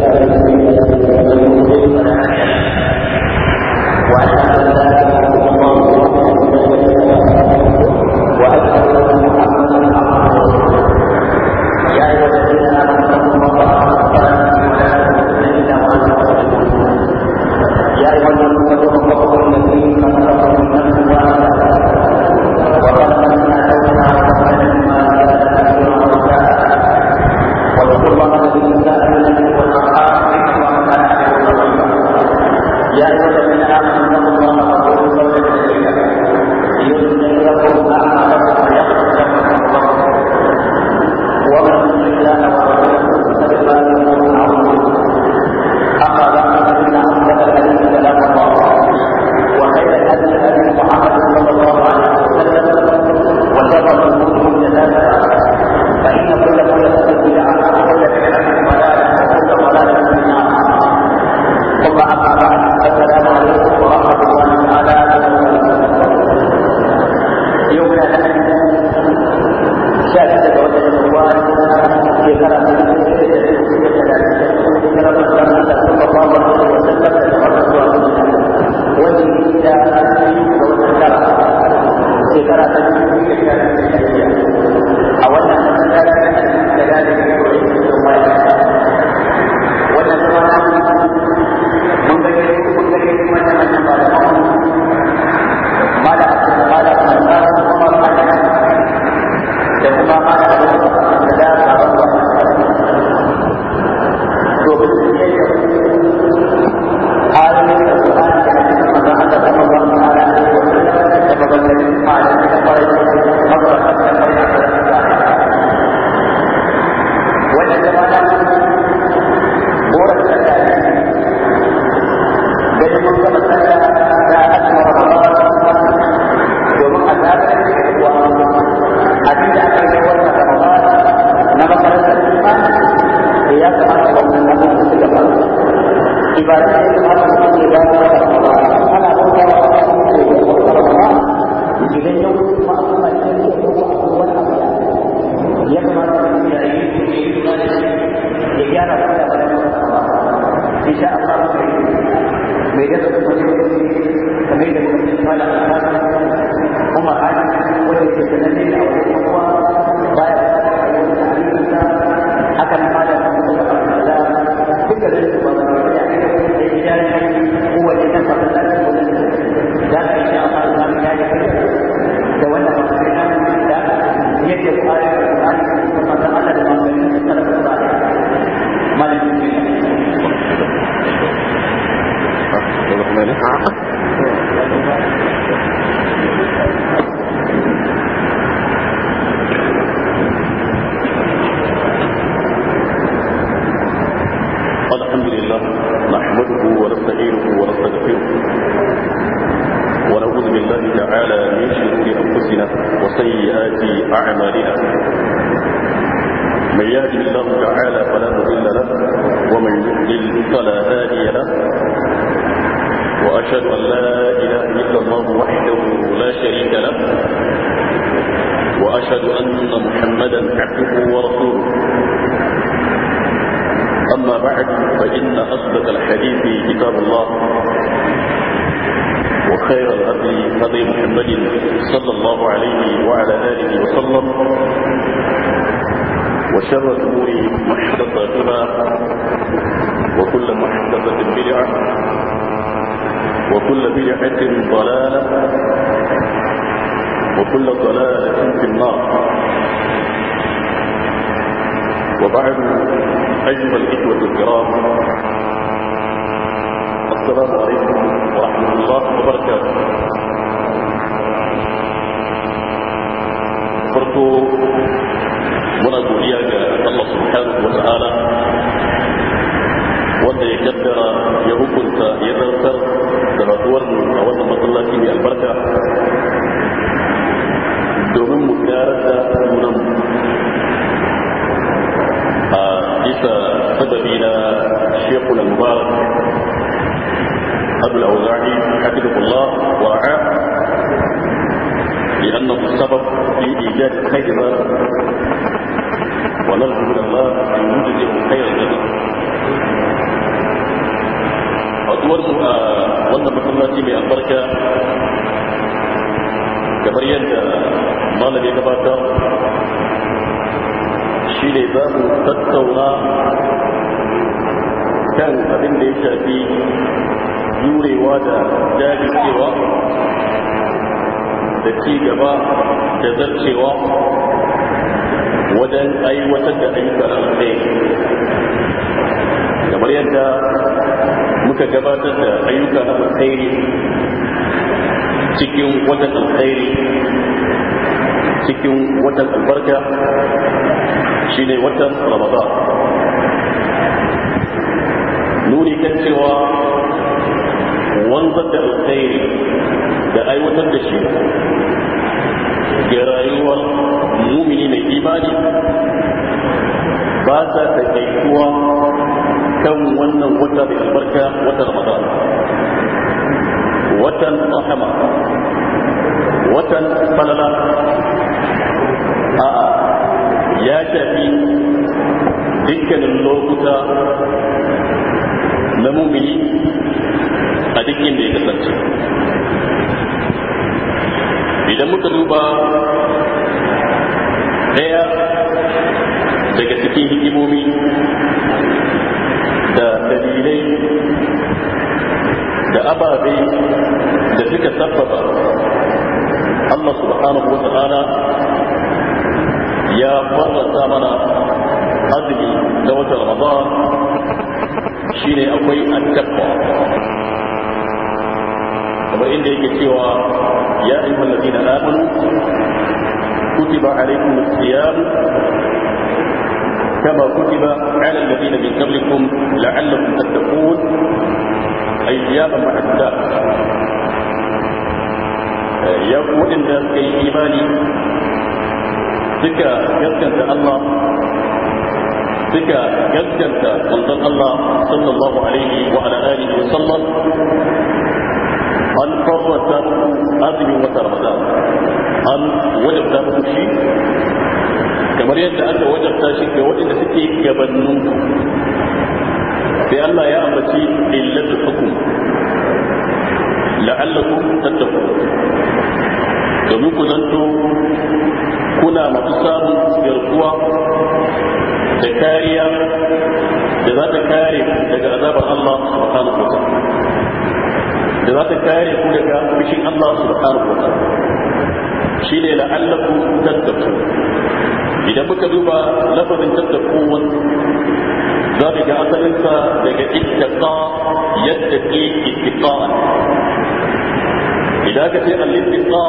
Thank you. وأشهد أن لا إله إلا الله وحده لا شريك له وأشهد أن محمدا عبده ورسوله أما بعد فإن أصدق الحديث كتاب الله وخير الهدي هدي محمد صلى الله عليه وعلى آله وسلم وشر الأمور محدثاتها وكل محدثة بدعة وكل بدعة ضلالة وكل ضلالة في النار وبعد أيها الإخوة الكرام السلام عليكم ورحمة الله وبركاته فرقوا muna إياك الله سبحانه وتعالى wanda ya kaddara ya hukunta ya zartar da rasuwar mu a wannan masallaci mai albarka domin mu karar da sunan a bisa sababi na shekul mubarak abul auza'i hafizullah wa'a لأنه السبب في إيجاد الخير ونرجو من الله أن يجزئ الخير جزاء haduwar mu a wannan masallaci mai albarka kamar yadda malam ya gabatar shi ne za mu tattauna kan abin da ya shafi jurewa da jajircewa da ci gaba da zarcewa wajen aiwatar da ayyukan alheri kamar yadda muka gabatar da ayyuka na alkhairi cikin watan alkhairi cikin watan albarka shine watan ramadan nuni kan cewa wanzar da alkhairi da aiwatar da shi ga rayuwar mumini mai imani ba sa ta taƙaituwa kan wannan wata da albarka wata ramadan watan rahama watan falala a'a ya tafi dukkanin lokuta na mumini a duk inda ya kasance idan muka duba daya daga cikin hikimomi da dalilai da ababe da suka sabbaba Allah subhanahu wa ya farlata mana azumi da wata ramadan shine akwai attaqwa kamar inda yake cewa ya ayyuhal ladina amanu kutiba alaykumus siyam كما كتب على الذين من قبلكم لعلكم تتقون أيام محدة آه، يقول إن ذلك إيماني سكا يسكنت الله سكا يسكنت منظر الله صلى الله عليه وعلى آله وسلم أن فرصة أذن وترمضان أن وجب ذلك kamar yadda aka wajabta shi ga waɗanda suke gabanin sai Allah ya ambaci illatu hukum la'allakum tattaqun domin ku zanto kuna masu samun garkuwa da kariya da za ta kare daga azabar Allah subhanahu wa da za ta kare ku daga fushin Allah subhanahu wa shine la'allakum tattaqun idan muka duba lafazin tattaqun za mu ga asalinsa daga yadda yattaqi ittiqan idan ka ce al-ittiqa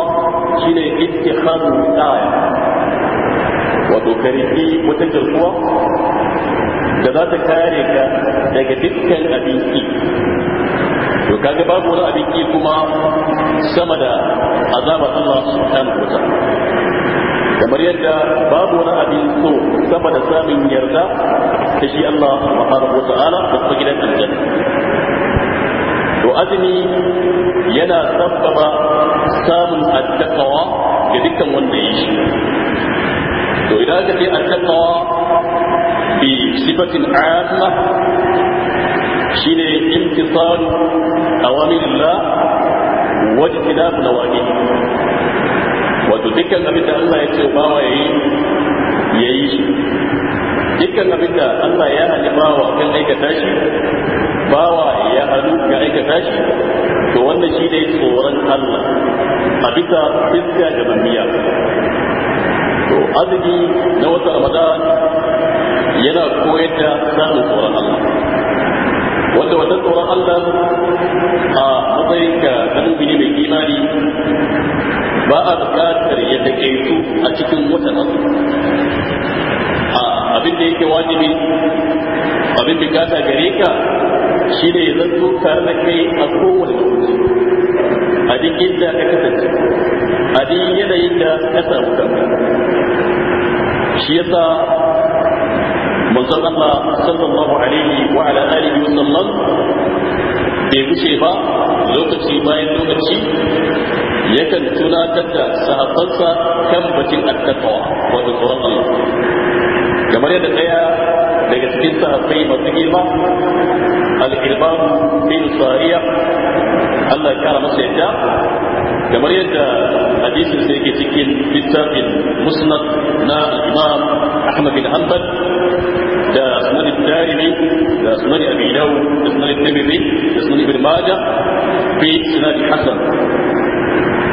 shine ittikhadhu aya wato kariki wata jirkuwa da za ta kare ka daga dukkan abinci to kaga babu wani abin ki kuma sama da azabar Allah subhanahu wa kamar yadda babu wani abin so sama da samun yarda da shi Allah subhanahu wa ta'ala da kuma gidan aljanna to azumi yana sabbaba samun attaqwa ga dukkan wanda yake to idan ka ce attaqwa bi sifatin amma a wani shine imtisal awamirillah wajtinab wani. wato dukkan abin da Allah ya ce bawa ya yi shi dukkan abin da Allah ya hali bawa kan aikata shi bawa ya halu ga aikata shi to wannan shi ne tsoron Allah a bisa fiska da mamiya to azumi na wata ramadan yana koyar da samun tsoron Allah wanda wata tsoron Allah a matsayin ka na ne mai imani ba a bukatar ya taƙaitu a cikin watan A abin da yake wajibi abin bukata gare ka shi ne ya zanto tare da kai a kowane lokaci a duk inda ka kasance a duk yanayin da ka samu kanka shi yasa manzon Allah sallallahu alaihi wa ala alihi wa bai gushe ba lokaci bayan lokaci yakan tunatar da sahabbansa kan bakin attaqwa wato tsoron Allah kamar yadda daya daga cikin sahabbai masu girma al-irbam bin sariya Allah ya kara masa yadda kamar yadda hadisin sai ke cikin littafin musnad na imam ahmad bin hanbal da sunan darimi da sunan abi dawud da tirmidhi da ibn majah bi sunan hasan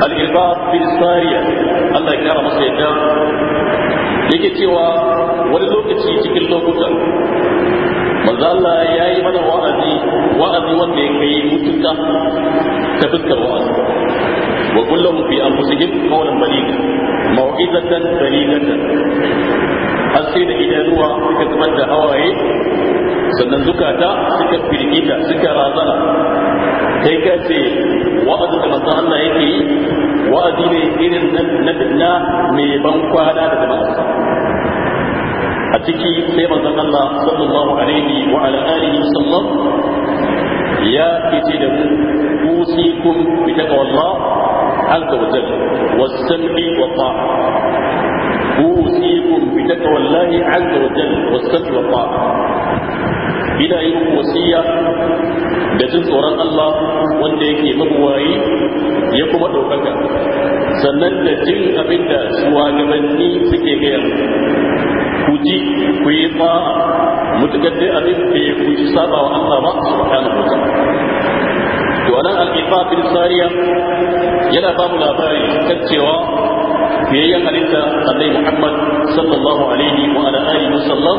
al bin sariya Allah ya kara masa yadda yake cewa wani lokaci cikin lokutan manzo Allah ya yi mana wa'azi wa'azi wanda ya kai mutunta ta fuskar wa'azi wa kullum fi anfusihim qawlan balida mau'izatan balidatan har sai da idanuwa suka zubar da hawaye sannan zukata suka firgita suka razana kai ka ce wa'azi da manzo Allah yake yi wa'azi ne irin na na mai ban kwana da jama'a a ciki sai manzon Allah sallallahu alaihi wa ala alihi sallam ya kici da ku usikum bi taqwallah azza wa jalla was-sam'i wa ta'a أوصيكم بتقوى الله عز وجل والصدق والطاعة ina yi muku wasiya da jin tsoron Allah wanda yake magwayi ya kuma ɗaukaka sannan da jin abin da shugabanni suke gaya ku ji ku yi ba mutukar dai abin da ya ku ji saba wa Allah ba su kana kuka to sariya yana babu labari kan cewa ya halitta annabi Muhammad sallallahu alaihi wa ala alihi wasallam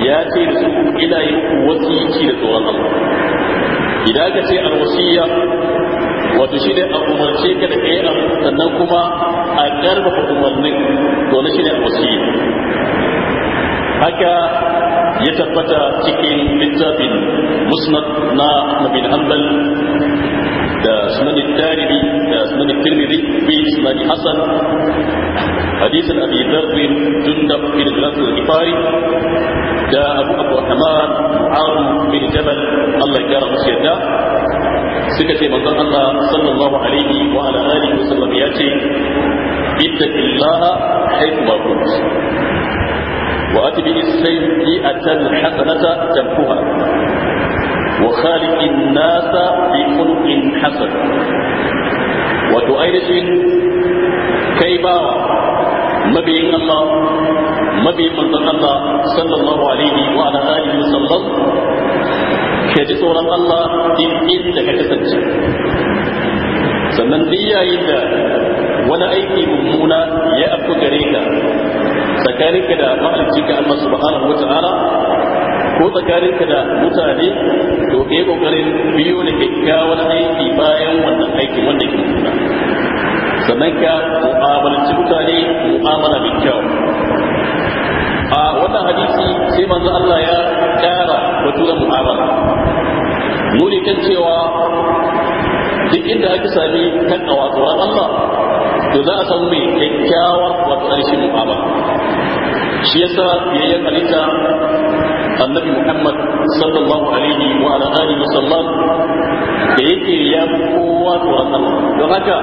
ya ce su ina yi wasiyi da tsoron Allah idan ka ce alwasiya wato shi ne a umarce ka da kai sannan kuma a karfafa umarnin to na shi ne alwasiya haka ya tabbata cikin littafin musnad na Ahmad bin Hanbal da sunan tarihi da sunan tirmidhi bi sunan hasan حديث أبي ذر جندب بن الغفر الغفاري جاء أبو عبد الرحمن معاذ بن جبل الله يجارى مسيدا سكة من الله صلى الله عليه وعلى آله وسلم ياتي اتق الله حيثما كنت وأت بالسيئة الحسنة تمحها وخالق الناس بكل hasan wato ainihin kai bawa mabiyin Allah mabiyin manzon Allah sallallahu alaihi wa ala alihi wasallam ka ji tsoron Allah in inda ka kasance sannan duk yayin da wani aiki mummuna ya afku gare ka tsakaninka da mahalicci ka Allah subhanahu wa ta'ala ko tsakaninka da mutane to ke kokarin biyo da kyakkyawan aiki bayan wannan aikin wanda ke nuna sannan ka mu'amalanci mutane mu'amala mai kyau a wannan hadisi sai manzo Allah ya kara baturan mu'amala nuni kan cewa duk inda aka sami takawa tsoron Allah to za a samu mai kyakkyawar wato ƙarshen mu'amala shi yasa biyayyen halitta annabi muhammad sallallahu alaihi wa ala alihi wasallam da yake ya fi kowa tsoron Allah don haka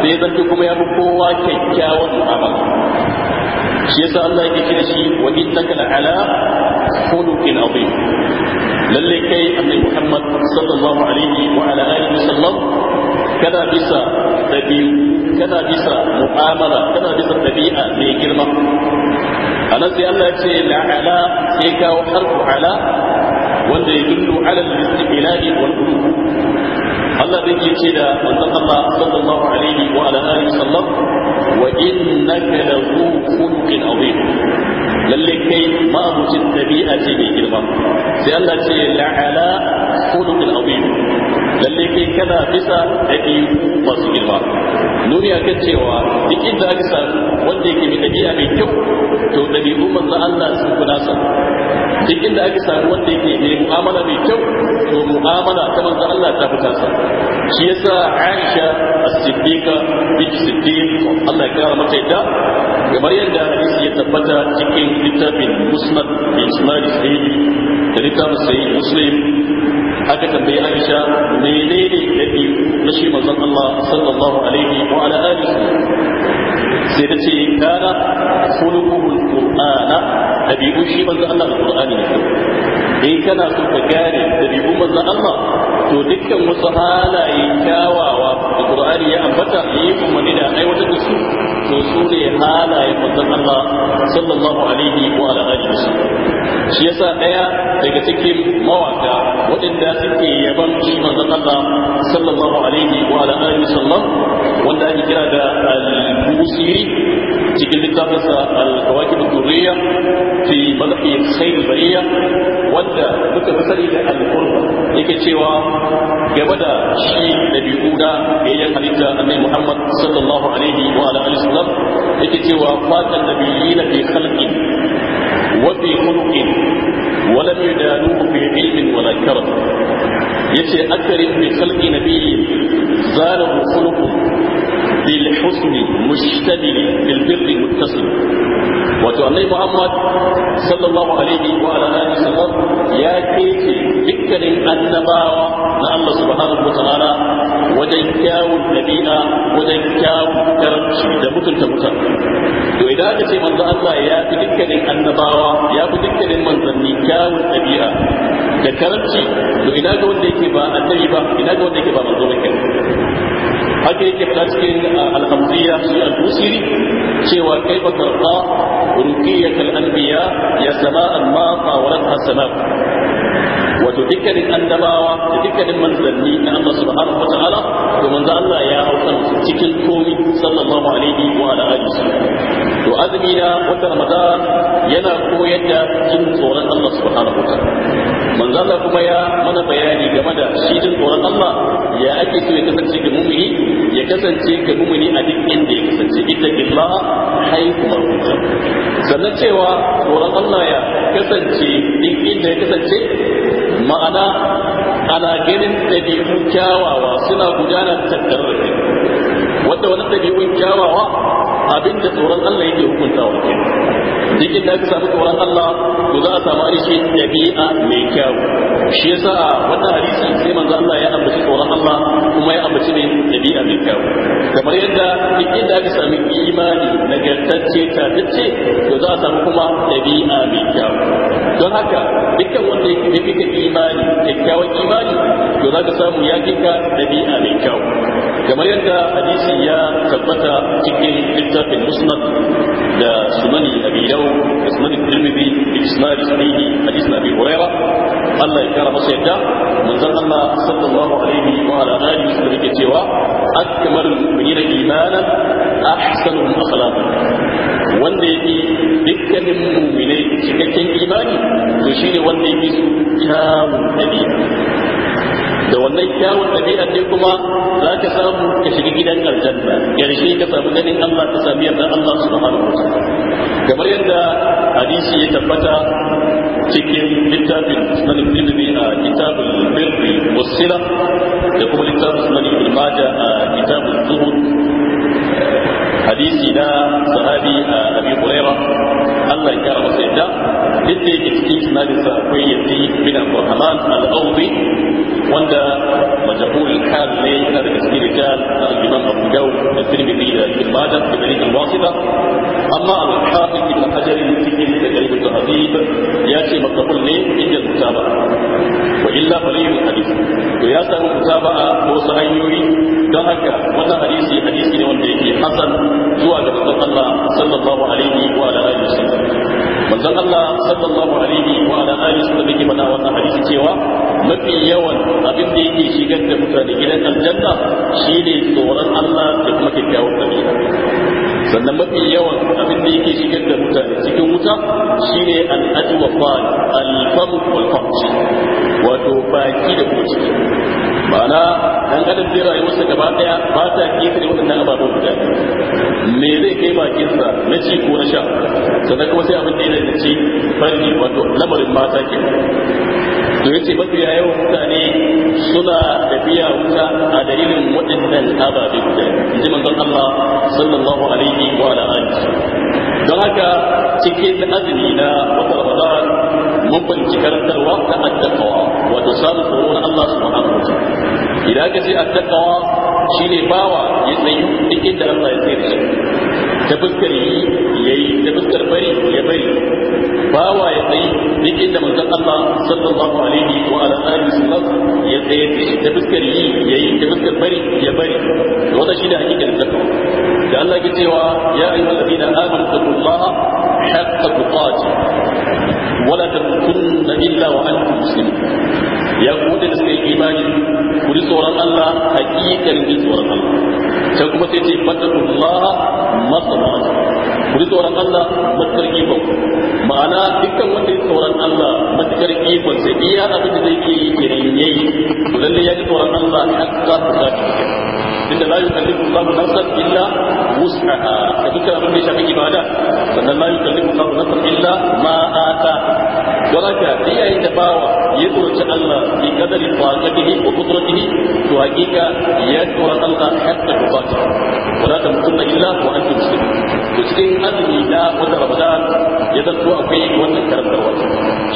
sai ya zarce kuma ya fi kowa kyakkyawan mu'amala shi yasa Allah yake kira shi wa innaka la'ala khuluqin azim lalle kai annabi muhammad sallallahu alaihi wa ala alihi wasallam kada bisa dabi'u kana bisa mu'amala kana bisa dabi'a mai girma anan sai Allah ya ce la'ala sai kawo harfu ala wanda ya dullu ala al-istimilali wal qulub Allah zai ke ce da manzon Allah sallallahu alaihi wa ala alihi sallam wa innaka lahu khuluqin azim lalle kai ma'abucin dabi'a ce mai girma sai Allah ce la'ala khuluqin azim lalle kai kana bisa ɗabi'u masu girma nuni a kan cewa duk inda aka samu wanda yake mai ɗabi'a mai kyau to ɗabi'u manzo Allah sun fi nasa duk inda aka samu wanda yake mai mu'amala mai kyau to mu'amala ta manzo Allah ta fi tasa shi yasa Aisha as-Siddiqa bint Siddiq Allah ya kara mata yadda kamar yadda hadisi ya tabbata cikin littafin Musnad bi Ismail Sayyid da littafin Sayyid Muslim aka tambayi Aisha menene dadi na shi manzon Allah sallallahu alaihi wa ala alihi sai ta ce kana khuluquhul qur'ana dabi'u shi manzon Allah alqur'ani ne in kana so ka gane dabi'u manzon Allah to dukkan wasu halaye kyawawa da Qur'ani ya ambata yi umarni da aiwatar da su to su ne halayen manzon Allah sallallahu alaihi wa ala alihi shi yasa daya daga cikin mawaka waɗanda suke yaban shi manzon Allah sallallahu alaihi wa ala alihi sallam wanda ake kira da al-Busiri cikin littafin sa al-Kawakib ad-Durriya fi madhi khayr bariya wanda muka fi sani da al-Qurba yake cewa game da shi da bi'uda yayin halitta annabi Muhammad sallallahu alaihi wa ala alihi sallam yake cewa fatan nabiyina fi khalqi وفي خلق ولم يدانوه في علم ولا كرم يتي أكرم بخلق نبي زاله خلق بالحسن مشتمل بالبر متصل wato annai muhammad sallallahu alaihi wa ala alihi sallam ya keke dukkanin annabawa na Allah subhanahu wa ta'ala wajen kyawun dabi'a wajen kyawun karanci da mutunta mutane to idan aka ce manzo Allah ya fi dukkanin annabawa ya fi dukkanin manzanni kyawun ɗabi'a da karanci to ina ga wanda yake ba annabi ba ina ga wanda yake ba manzo ba haka yake fita cikin alhamdiya shi al musiri cewa kai ba karɓa rukiyat anbiya ya sama'a ma qawlat hasanat wato dukkanin annabawa da dukkanin manzanni na Allah subhanahu wataala to manzo Allah ya hau kan cikin komi sallallahu alaihi wa ala alihi to azumi na wata ramadan yana koyar da jin tsoron Allah subhanahu wataala manzo Allah kuma ya mana bayani game da shi jin tsoron Allah ya ake so ya kasance ga mumini ya kasance ga mumini a duk inda ya kasance ita billah haikumar sannan cewa tsoron Allah ya kasance duk inda ya kasance ma'ana ana ganin ɗabi'un kyawawa suna gudanar ta wanda wani ɗabi'un kyawawa abin da tsoron Allah yake hukuntawa ke dikin da aka samu tsoron Allah to za a samu ainihin ɗabi'a mai kyau shi yasa a wannan hadisi sai manzo Allah ya ambaci tsoron Allah kuma ya ambaci ne ɗabi'a mai kyau kamar yadda duk inda aka sami imani nagartacce tatacce to za a samu kuma ɗabi'a mai kyau don haka dukkan wanda ya fi ka imani kyakkyawan imani to za ka samu ya fi ka ɗabi'a mai kyau kamar yadda hadisi ya tabbata cikin littafin musnad da sunani abi dawo da sunani tirmidhi da isnad sahihi hadith Allah ya kara masa yadda manzon Allah sallallahu alaihi wa ala alihi wasallam yake cewa akmalul mu'minina imanan ahsanuhum akhlaqan wanda yake dukkanin mu'minai cikakken imani to shine wanda yake su kyawun da wannan kyawun ɗabi'ar ne kuma za ka samu ka shiga gidan aljanna ƙarshe ka samu ganin Allah ka sami yarda Allah subhanahu wa ta'ala kamar yadda hadisi ya tabbata cikin littafin sunan ilmi a kitabul birri wasila da kuma littafin sunan ibn majah a kitabul zuhud hadisi na sahabi a abi huraira Allah ya kara masa yadda duk da yake cikin sunan sa akwai yazi bin abdurrahman al-awdi wanda majahul hal ne yana daga cikin rijal na al Abu Dawud da Tirmidhi da Ibn da Ibn wasita amma al-Hafiz Ibn Hajar cikin da Ibn Tahzib ya ce makabul ne inda mutaba wa illa falil hadith to ya samu mutaba ko wasu hanyoyi don haka wannan hadisi hadisi ne wanda yake hasan zuwa ga manzon Allah sallallahu alaihi wa ala alihi wasallam manzon Allah sallallahu alaihi wa ala alihi wasallam yake mana wannan hadisi cewa mafi yawan abin da yake shigar da mutane gidan aljanna ne tsoron Allah da kuma kyakkyawar ɗabi'a sannan mafi yawan abin da yake shigar da mutane cikin wuta ne al'adu wa fa'al al-famu wato baki da kuma ciki ma'ana dan adam zai wasu gaba daya ba ta kisa da waɗannan ababen guda me zai kai bakinsa na ci ko na sha sannan kuma sai abin da ya ci fanni wato lamarin mata ke to yace mafiya yawan mutane suna tafiya wuta a dalilin waɗannan ababe guda in ji manzon Allah sallallahu alaihi wa ala alihi don haka cikin azumi na wata Ramadan mun banci karantarwa ta attaqwa wato samu tsoro na Allah subhanahu wa ta'ala idan ka ce attaqwa shine bawa ya tsayu duk inda Allah ya tsare shi ta fuskar yi yayi da bari ya bari bawa ya tsayi duk inda manzon Allah sallallahu alaihi wa ala alihi ya tsaye da yi da bari ya bari hakikar da Allah ke cewa ya ayyuhalladhina amanu taqullaha haqqa tuqatih wala tamutunna illa wa antum muslimun ya da suka yi imani ku ji tsoron Allah hakikar ji tsoron Allah sai kuma sai ce ku ji tsoron Allah matakar ikon ma'ana dukkan wanda ya tsoron Allah matakar ikon sai iya abin da zai ke yi kenan yayi to lalle ya ji tsoron Allah ne aka za ku zaɓi inda la yukallifu Allahu nafsan illa wus'aha da dukkan abin da ya shafi ibada sannan la yukallifu Allahu nafsan illa ma ta don haka iyayen da bawa ya tsoraci Allah bi kadari fasadihi wa qudratihi to hakika ya tsoraci Allah ta tubata wala tamutunna illa wa antum muslimun da cikin azumi na wata ramadan ya zanto akwai wannan karantarwa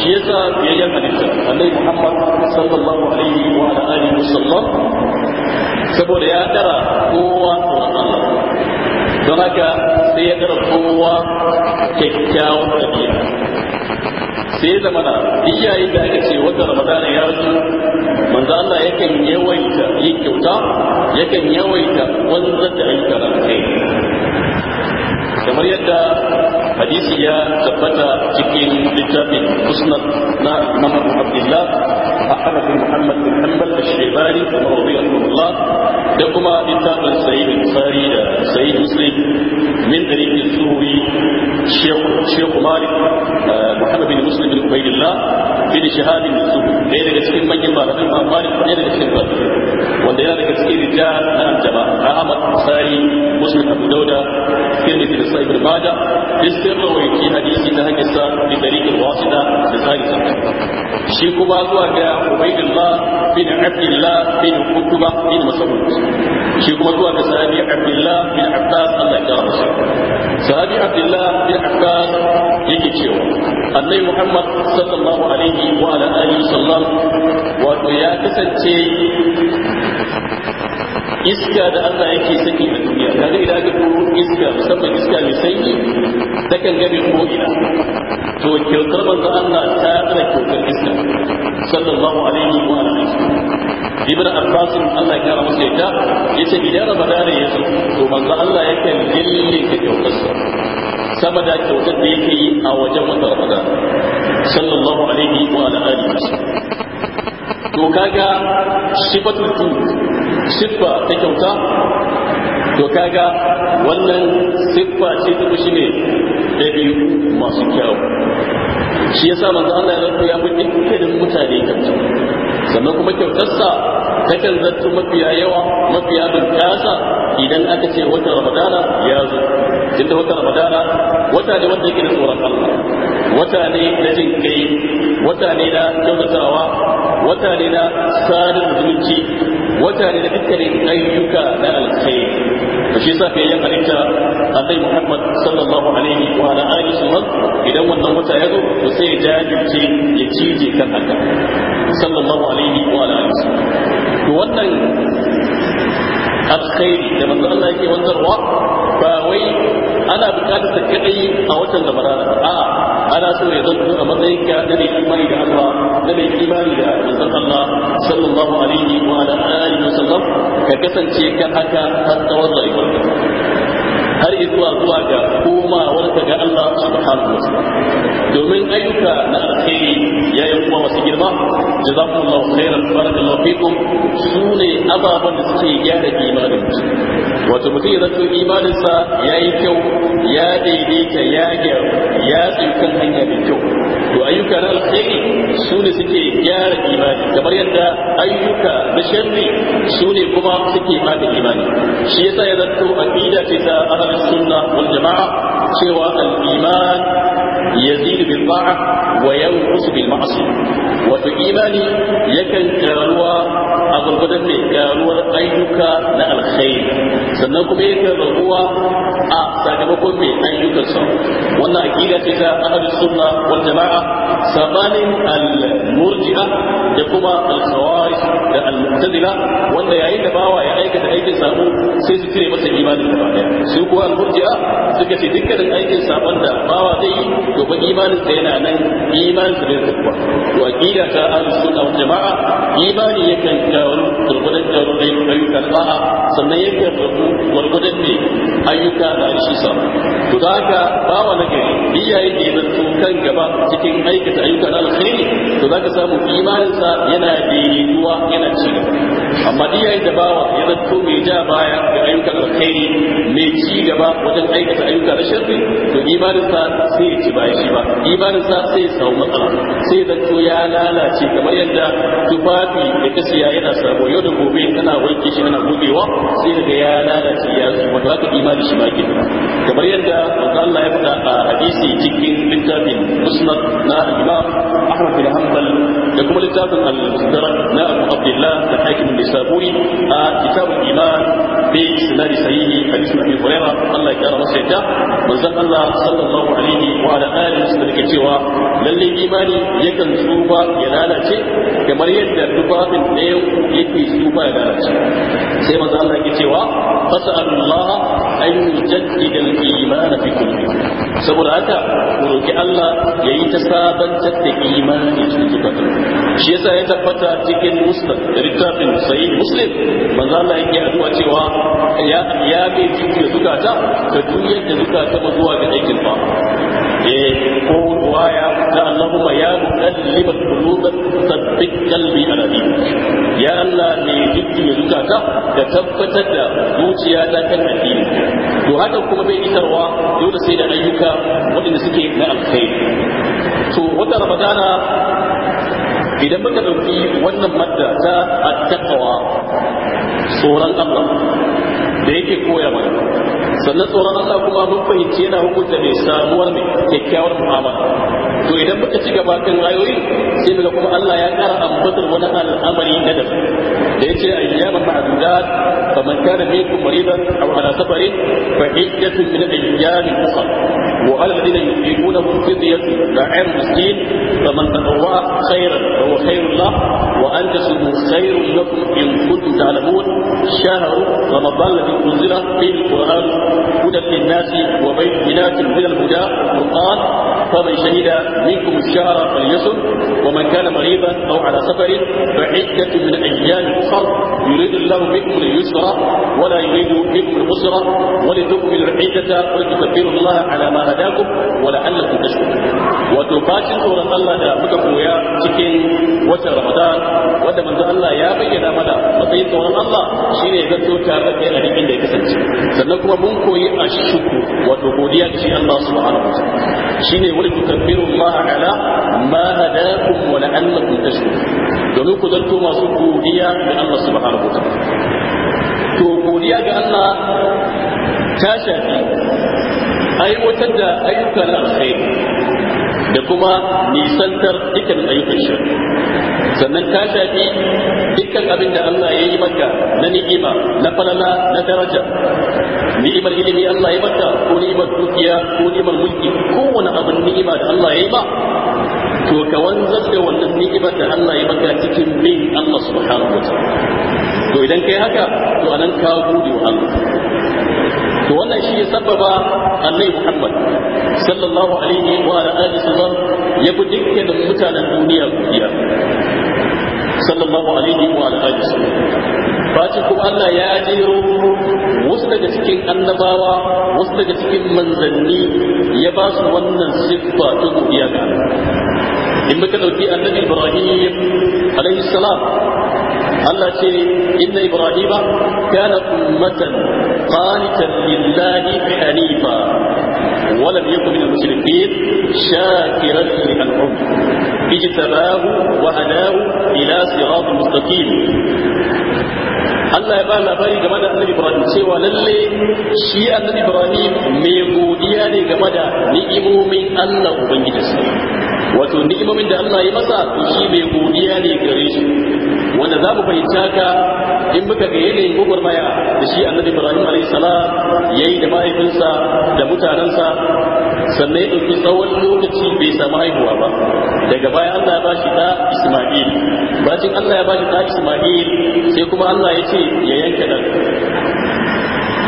shi yasa biyayyen hadisi annabi muhammad sallallahu alaihi wa alihi wasallam saboda ya dara kowa tsoron Allah don haka sai ya dara kowa kyakkyawan ɗabi'a sai zama na iyaye da aka ce wata ramadana ya rasu manzo Allah yakan yawaita yin kyauta yakan yawaita wanzar da aikata kai kamar yadda hadisi ya tabbata cikin littafin musnad na imam abu abdullah ahmad bin muhammad bin hanbal ash-shaybani radiyallahu da kuma littafin sahih bukhari da sahih muslim min tariq az-zuhri shaykh shaykh malik eh, muhammad bin muslim bin ubaydillah bin shahab bin zuhri daga cikin manyan malaman malik daga cikin wanda yana daga cikin rijal na aljama ahmad sari muslim abu dauda tirmidhi da sahih al-majah istir rawayi hadisi ta hanyar sa bi tariqil wasita da sahih shi kuma zuwa ga ubaydullah bin abdullah bin kutuba bin mas'ud shi kuma zuwa ga sahabi abdullah bin abbas Allah ya kara masa sahabi abdullah bin abbas yake cewa annabi muhammad sallallahu alaihi wa ala alihi sallam wato ya kasance iska da Allah yake saki a duniya kaga idan aka turo iska musamman iska mai sanyi ta kan gabe ko ina to kyautar manzo Allah ta tsara kyautar iska sallallahu alaihi wa alihi ibn abbas Allah ya karama sai ta yace idan ramadan ya zo to manzo Allah dille ka kyautar sa sama da kyautar da yake yi a wajen wata ramadan sallallahu alaihi wa alihi to kaga sifatul siffa ta kyauta to kaga wannan siffa ce ta kushi ne biyu masu kyau shi ya yasa manzo Allah ya rabu ya bi dukkanin mutane kyauta sannan kuma kyautarsa takan zartu mafiya yawa mafiya bunƙasa idan aka ce wata ramadana ya zo tunda wata ramadana wata ne wanda yake da tsoron Allah wata ne na jin kai wata ne na kyautatawa wata ne na sadin zumunci wata ne da dukkanin ayyuka na alkhairi to shi yasa kai yan halitta annabi Muhammad sallallahu alaihi wa ala alihi wa idan wannan wata ya zo to sai ya jajirce ya cije kan haka sallallahu alaihi wa ala alihi to wannan alkhairi da manzo Allah yake wanzarwa ba wai ana bukatar ta kadai a watan da barana a'a ana so ya zanto a matsayin ka na mai imani da Allah na mai imani da manzon Allah sallallahu alaihi wa ala alihi wa sallam ka kasance ka haka har tsawon rayuwarka har zuwa zuwa ga komawarka ga Allah subhanahu wa domin ayyuka na alkhairi ya yi kuma masu girma jazakumullahu khairan barakallahu fikum sune ababan da suke gyara imanin wato mutum ya zanto imaninsa ya yi kyau ya daidaita ya gyaru ya tsayi kan hanya mai kyau to ayyuka na alheri su ne suke gyara imani kamar yadda ayyuka na sharri su ne kuma suke bada imani shi yasa ya zanto aqida ce ta ahlus sunna wal jamaa cewa al iman yazidu bil ta'a wa yanqusu bil ma'asi wato imani yakan karuwa a gurgudan ne karuwar ayyuka na alkhairi sannan kuma yakan raguwa a sakamakon mai ayyukan sa wannan aqida ce ta ahlus sunna wal jama'a sabanin al murji'a da kuma al khawarij da al-mu'tazila wanda yayin da bawa ya aikata aikin sabo sai su cire masa imanin gaba daya sai kuwa al-murji'a suka ce dukkanin aikin sabon da bawa zai yi to ba imanin sa yana nan imanin sa bai tabbata to aqida ta al-sunna wal jama'a imani yakan kawo gurgudan da rubai ayyukan ba'a sannan yake rubu gurgudan ne ayyuka da shi sa to da haka bawa na gari niyya yake zanto kan gaba cikin aikata ayyuka na alkhairi to ka samu imaninsa yana daidaituwa yana ci gaba amma niyya da bawa ya zanto mai ja baya ga ayyukan alkhairi mai ci gaba wajen aikata ayyuka na sharri to imaninsa sai ya ci baya shi ba imaninsa sai ya samu matsala sai zanto ya lalace kamar yadda tufafi da kasiya yana samu yau da gobe tana shi yana buɗewa sai daga ya lalace ya zuwa za ka imani shi ma kamar yadda wanda Allah ya faɗa a hadisi cikin littafin musnad na al-Imam Ahmad bin Hanbal da kuma littafin al-Mustadrak na Abu Abdullah da Hakim bin Saburi a kitabul iman بسناد صحيح حديث ابي هريره الله يكرمه masa yadda manzon Allah sallallahu alaihi wa ala alihi wasallam cewa lalle imani yakan tsufa ya lalace kamar yadda tufafin da yake tsufa ya lalace sai manzon Allah yake cewa fasallallahu an yujaddid al-iman saboda haka ku roki Allah yayi ta sabantar da imani cikin shi yasa ya tabbata cikin muslim littafin sahih muslim manzo Allah yake addu'a cewa ya ya cikin zukata ka da zukata ba zuwa ga aikin ba eh ko waya da Allahumma ya muqallib qulub thabbit qalbi ala din ya Allah ne ubangiji mai zuciya da tabbatar da zuciya ta kan addini to haka kuma bai itarwa dole sai da ayyuka waɗanda suke na alkhairi to wata ramadana idan muka ɗauki wannan madda ta attaqwa tsoron Allah da yake koya mana sannan tsoron Allah kuma mun fahimci yana hukunta mai samuwar mai kyakkyawar mu'amala to idan muka ci gaba kan ayoyi sai daga kuma Allah ya kara ambatar wani al'amari na da da yace ayyaman ma'dudat faman kana minkum maridan aw ala safarin fa iddatun min ayyamin ukhra وقال الذين يؤمنونه فدية طعام مسكين فمن تطوع خيرا فهو خير الله وأن تصوموا خير لكم إن كنتم تعلمون شهر رمضان الذي أنزل في القرآن هدى للناس بنات من الهدى والقرآن فمن شهد منكم الشهر فليصم ومن كان مريضا أو على سفر فعدة من أيام أخر يريد الله منكم اليسر ولا يريد منكم العسر ولتكملوا العدة ولتكبروا الله على ما هداكم ولعلكم تشكرون وتباشر سورة الله da muka koya cikin watan Ramadan wanda manzo Allah ya bayyana mana matsayin tsoron Allah shine ya tare da yana inda ya kasance sannan kuma mun koyi ashukru wato godiya shi Allah ولتكبروا الله على ما هداكم ولعلكم تشكرون domin ku zarto masu godiya ga Allah subhanahu wa to godiya ga Allah ta shafi aiwatar da ayyukan alkhairi da kuma nisantar dukkan ayyukan shirki sannan ta shafi dukkan abin da Allah ya yi maka na ni'ima na falala na daraja ni'imar ilimi Allah ya mata ko ni'imar dukiya ko ni'imar mulki wani abin ni'ima da Allah ya yi ba to ka wanzar da wannan ni'imar da Allah ya maka cikin bin Allah subhanahu wa to idan kai haka to anan ka gode wa Allah to wannan shi ya sababa annabi Muhammad sallallahu alaihi wa alihi wasallam ya bi dukkanin mutanen duniya godiya sallallahu alaihi wa alihi wasallam bacin kuma Allah ya jero wasu daga cikin annabawa wasu daga cikin manzanni ya ba su wannan siffa ta godiya ga in muka dauki annabi Ibrahim alaihi salam Allah ce inna Ibrahima kana ummatan qanitan lillahi hanifa ولم يكن من المشركين شاكرا لأنعم اجتباه وهداه إلى صراط مستقيم Allah ya ba labari game da annabi Ibrahim cewa lalle shi annabi Ibrahim mai godiya ne game da ni'imomin Allah ubangijinsa wato ni'imomin da Allah ya masa shi mai godiya ne gare shi wanda za mu fahimta ka in muka ga yanayin maya da shi annabi Ibrahim alayhi salam yayi da mahaifinsa da mutanansa? sannan ya ɗauki tsawon lokaci bai samu haihuwa ba daga baya Allah ya bashi ɗa Isma'il bacin Allah ya bashi ɗa Isma'il sai kuma Allah ya ce ya yanka ɗan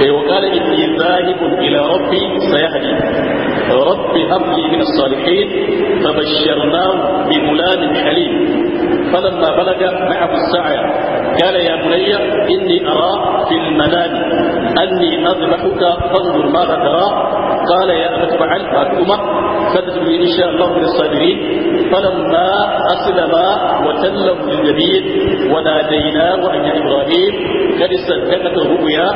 kai wa qala inni zahibun ila rabbi sayahdi rabbi habli min as-salihin fabashsharnahu bi mulalin halim falamma balaga معه sa'a قال يا بني إني أرى في المنام أني أذبحك فانظر ماذا ترى قال يا أبت فعل ما تؤمر نبذل إن شاء الله للصابرين فلما أسلم وتله للجبين وناديناه أن إبراهيم قد استذكرت الرؤيا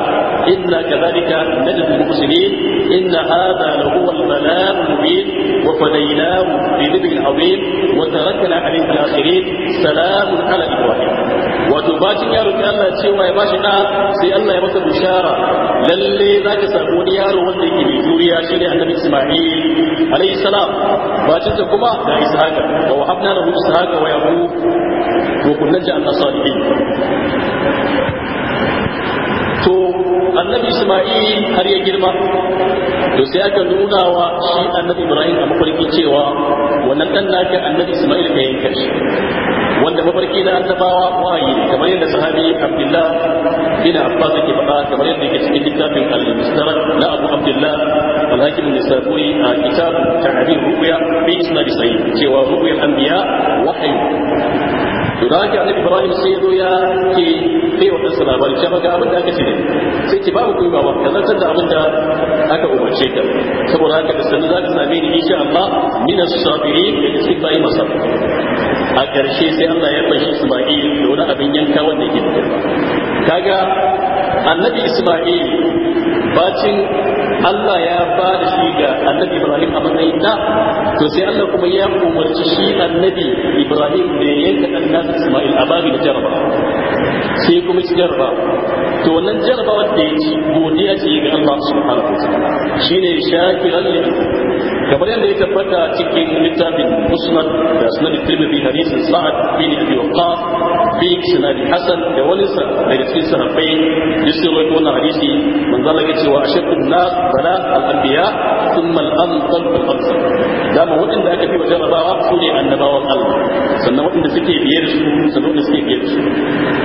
إنا كذلك نجد المرسلين إن هذا لهو البلاء المبين وفديناه بذبح عظيم وتركنا عليه في الآخرين سلام على إبراهيم وتباشر يا رب الله Allah cewa ya bashi da sai Allah ya masa bishara lalle zaki samu wani yaro wanda yake mai juriya alaihi salam bacin kuma da ishaqa wa wahabna lahu ishaqa wa yaqub wa kunna ja'alna salihin to annabi isma'il har ya girma to sai aka nuna wa shi annabi ibrahim a mafarki cewa wannan dan naka annabi isma'il ka yanka shi wanda mafarki na annabawa wahayi kamar yadda sahabi abdullah abbas yake faɗa kamar yadda yake cikin littafin al na abu abdullah al-hakim nisaburi a kitab ta'abir ruqya isnad sahih cewa ruqya anbiya to da annabi ibrahim sai ya bai wa labari ce abin da aka ce sai ce babu kuyi baba ka da abin da aka umarce ka saboda haka da sanin zaka same ni insha Allah min as-sabirin da cikin a ƙarshe sai Allah ya bashi Isma'il da wani abin yanka wanda ke da kaga annabi Isma'il bacin Allah ya ba da shi ga annabi Ibrahim a matsayin da to sai Allah kuma ya umarci shi annabi Ibrahim da ya yanka ɗan nasu Isma'il a babu da jaraba sai kuma ci jaraba to wannan jaraba wanda ya ci godiya ce ga Allah su wa shi ne shafi kamar yadda ya tabbata cikin littafin musnad da sunan bi hadisin sa'ad bin abi waqqas bi sanadi hasan da wani sa daga cikin sahabbai da su rawaito wannan hadisi manzo Allah ya ce wa ashaddu nas bala al anbiya thumma al amsal al amsal dama wanda aka fi wa rabawa su ne annabawan Allah sannan waɗanda suke biye da su sannan da suke biye da su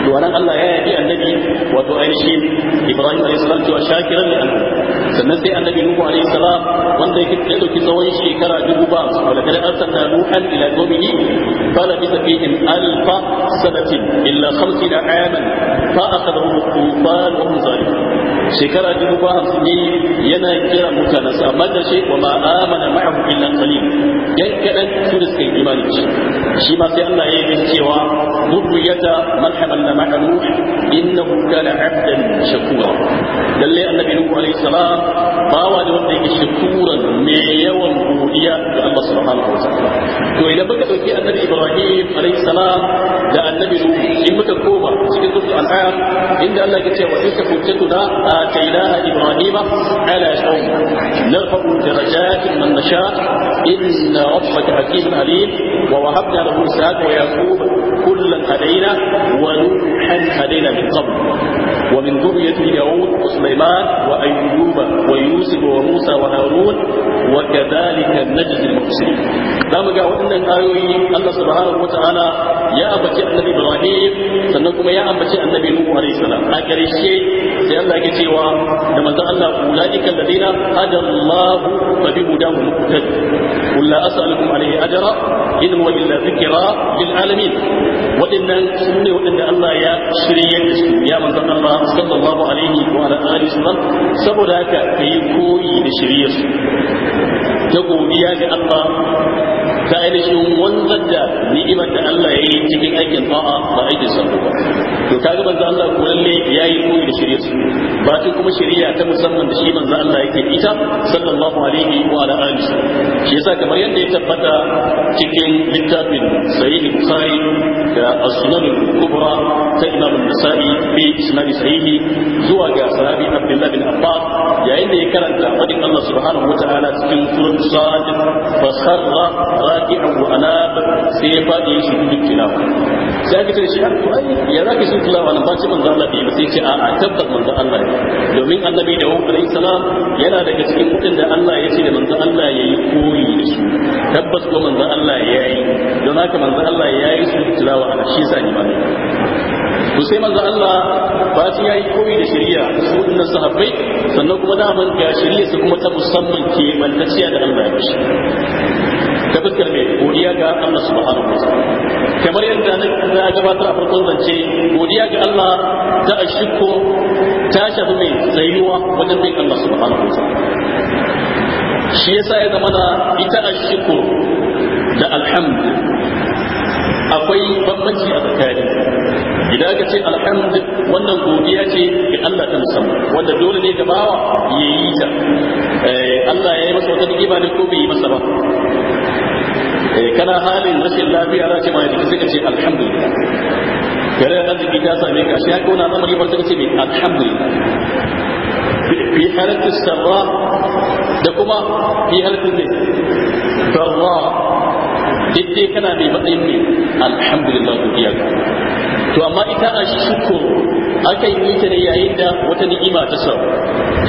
to anan Allah ya yabi annabi wato ainihin Ibrahim alayhi salam cewa shakiran li annabi sannan sai annabi Nuhu alayhi salam wanda ya da dauki tsawon shekara dubu ba su wala kada arsalna nuhan ila qaumihi fala bi safihim alfa sanatin illa khamsina aman fa akhadhum tufan wa hum zalimun shekara dubu ba hamsin ne yana kira mutanen mutanensa amma da shi wa ma amana ma'ahu illa qalil yan kaɗan su da suka yi imani shi shi ma sai Allah ya yi cewa zurriyata marhaban da ma'a nuh innahu kana abdan shakura lallai annabi nuh alaihi salam bawa da wanda yake shakuran mai yawan godiya ga Allah subhanahu wa ta'ala to idan muka dauki annabi Ibrahim alayhi salam da annabi Nuh in muka koma cikin sura al-ayat inda Allah ya ce wa tilka hujjatuna atainaha Ibrahim ala qaum narfa'u darajatin man nasha inna rabbaka hakimun alim wa wahabna lahu ishaqa wa yaqub كلا هدينا ونوحا هدينا من قبل ومن ذريته داود وسليمان وأيوب ويوسف وموسى وهارون وكذلك نجزي المحسنين. دام جاء وإن الآيوي الله سبحانه وتعالى ya ambaci annabi ibrahim sannan kuma ya ambaci annabi nuhu alaihi salam a karshe sai Allah yake cewa da manzon Allah ulaika alladina hadallahu wa bi hudahu muqtad qul la as'alukum alaihi ajra in huwa illa dhikra lil alamin wadannan sunne wadanda Allah ya shirye da su ya manzon Allah sallallahu alaihi wa ala alihi wasallam saboda haka kai koyi da shirye su ta godiya ga Allah ta ainihin wanzar da ni'imar da Allah ya yi cikin aikin ta'a ba aikin sabu ba to kaga manzo Allah ko ya yayi koyi da shirye su bacin kuma shari'a ta musamman da shi manzo Allah yake ita sallallahu alaihi wa ala alihi shi yasa kamar yadda ya tabbata cikin littafin sahih bukhari da as-sunan al-kubra ta imam an-nasa'i bi sunan sahih zuwa ga sahabi abdullah bin abbas yayin da ya karanta fadin Allah subhanahu wa ta'ala cikin surat sad fa sarra raki'an wa anab sai ya fadi shi duk tilawa sai aka ce shi ya zaka shi tilawa nan bacin manzo Allah bai sai ce a'a tabbata manzo Allah domin annabi da wani alayhi salam yana daga cikin kudin da Allah ya ce da manzo Allah ya yi koyi da su tabbas ko manzo Allah ya yi don haka manzo Allah ya yi su tilawa a shi sa ni ba. to sai manzo Allah ba shi yi koyi da shari'a su na sahabbai sannan kuma da man ga shari'a su kuma ta musamman ke mantaciya da Allah ya shi ta fuskar godiya ga Allah subhanahu wa ta'ala kamar yadda na gabatar a farkon zance godiya ga Allah da ashiko ta shafi mai tsayuwa wajen bin Allah subhanahu wa ta'ala shi yasa ya zama da ita ashiko da alhamdu akwai bambanci a tsakani idan aka ce alhamdu wannan godiya ce ga Allah ta musamman wanda dole ne ga bawa ya yi ta eh, Allah ya yi masa wata ni'ima ne ko bai yi masa ba eh kana halin rashin lafiya za ce ma yadda sai ka ce alhamdulillah kare arziki ta same ka shi ya wani al'amari ba sai ka ce mai alhamdulillah fi halatta sarra da kuma fi halatta ne sarra diddai kana mai matsayin ne alhamdulillah godiya ka to amma ita a shukur aka yi ta ne yayin da wata ni'ima ta sau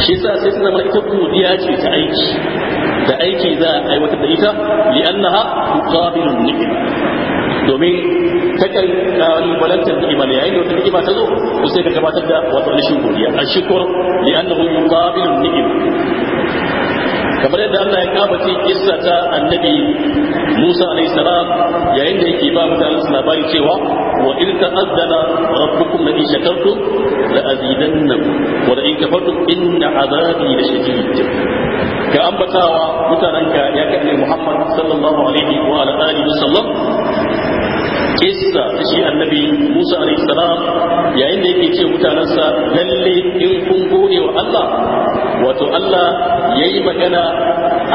shi sa sai ta zama ita godiya ce ta aiki da aiki za a aiwatar da ita li'annaha tuqabilun ni'ma domin takan ah, walantar ni'ima ne yayin da wata ni'ima ta zo to sai ka gabatar da wato alishin godiya ashkur li'annahu yuqabilun ni'ma kamar yadda Allah ya kabace kissa ta annabi Musa alayhi salam yayin da yake ba mutanen su labari cewa wa in ta'azzana rabbukum la in shakartum la azidannakum wa la in kafartum inna azabi lashadid ga ambatawa mutanen ka ya kaɗe Muhammad sallallahu alaihi wa alihi wasallam kissa ta shi annabi Musa alaihi salam yayin da yake ce mutanensa lalle in kun gode wa Allah wato Allah yayi magana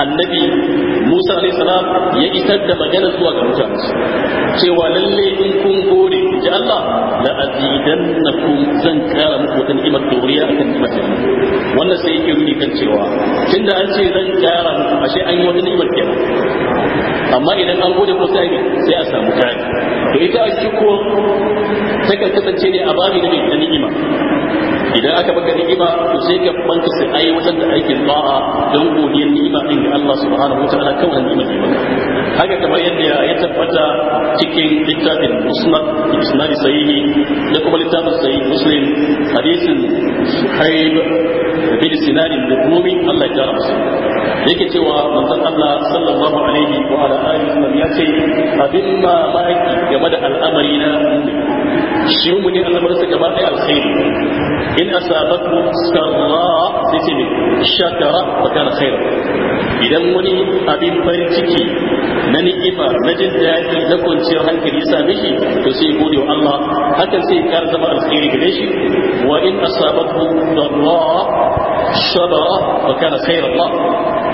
annabi Musa alayhi salam ya isar da magana zuwa ga mutane cewa lalle in kun gode ji Allah la azidannakum zan kara muku wata ni'imar doriya kan ni'imar da wannan sai yake nuni kan cewa tunda an ce zan kara muku ashe an yi wata ni'imar kenan amma idan an gode ko sai sai a samu kari to ita a shiko takan kasance ne a babu da ni'ima idan aka baka ni'ima to sai ka banka sai aiwatar da aikin ba'a don godiyar ni'ima din ga Allah subhanahu wa ta'ala kawai ni'ima ne haka kamar yadda ya tabbata cikin littafin musnad isnad sahihi da kuma littafin sahih muslim hadisin suhaib bin sinan bin rumi Allah ya jara masa yake cewa manzon Allah sallallahu alaihi wa ala alihi ya ce abin ma baki game da al'amari na mu'min shi ne al'amarsa gaba ɗaya alkhairi in asabatu sarra sai ce ne shakara fa kana khaira idan wani abin farin ciki na ni'ima na jin daɗi na kwanciyar hankali ya same shi to sai gode wa Allah hakan sai ya zama alkhairi gare shi wa in asabatu darra sabara wa kana khairan Allah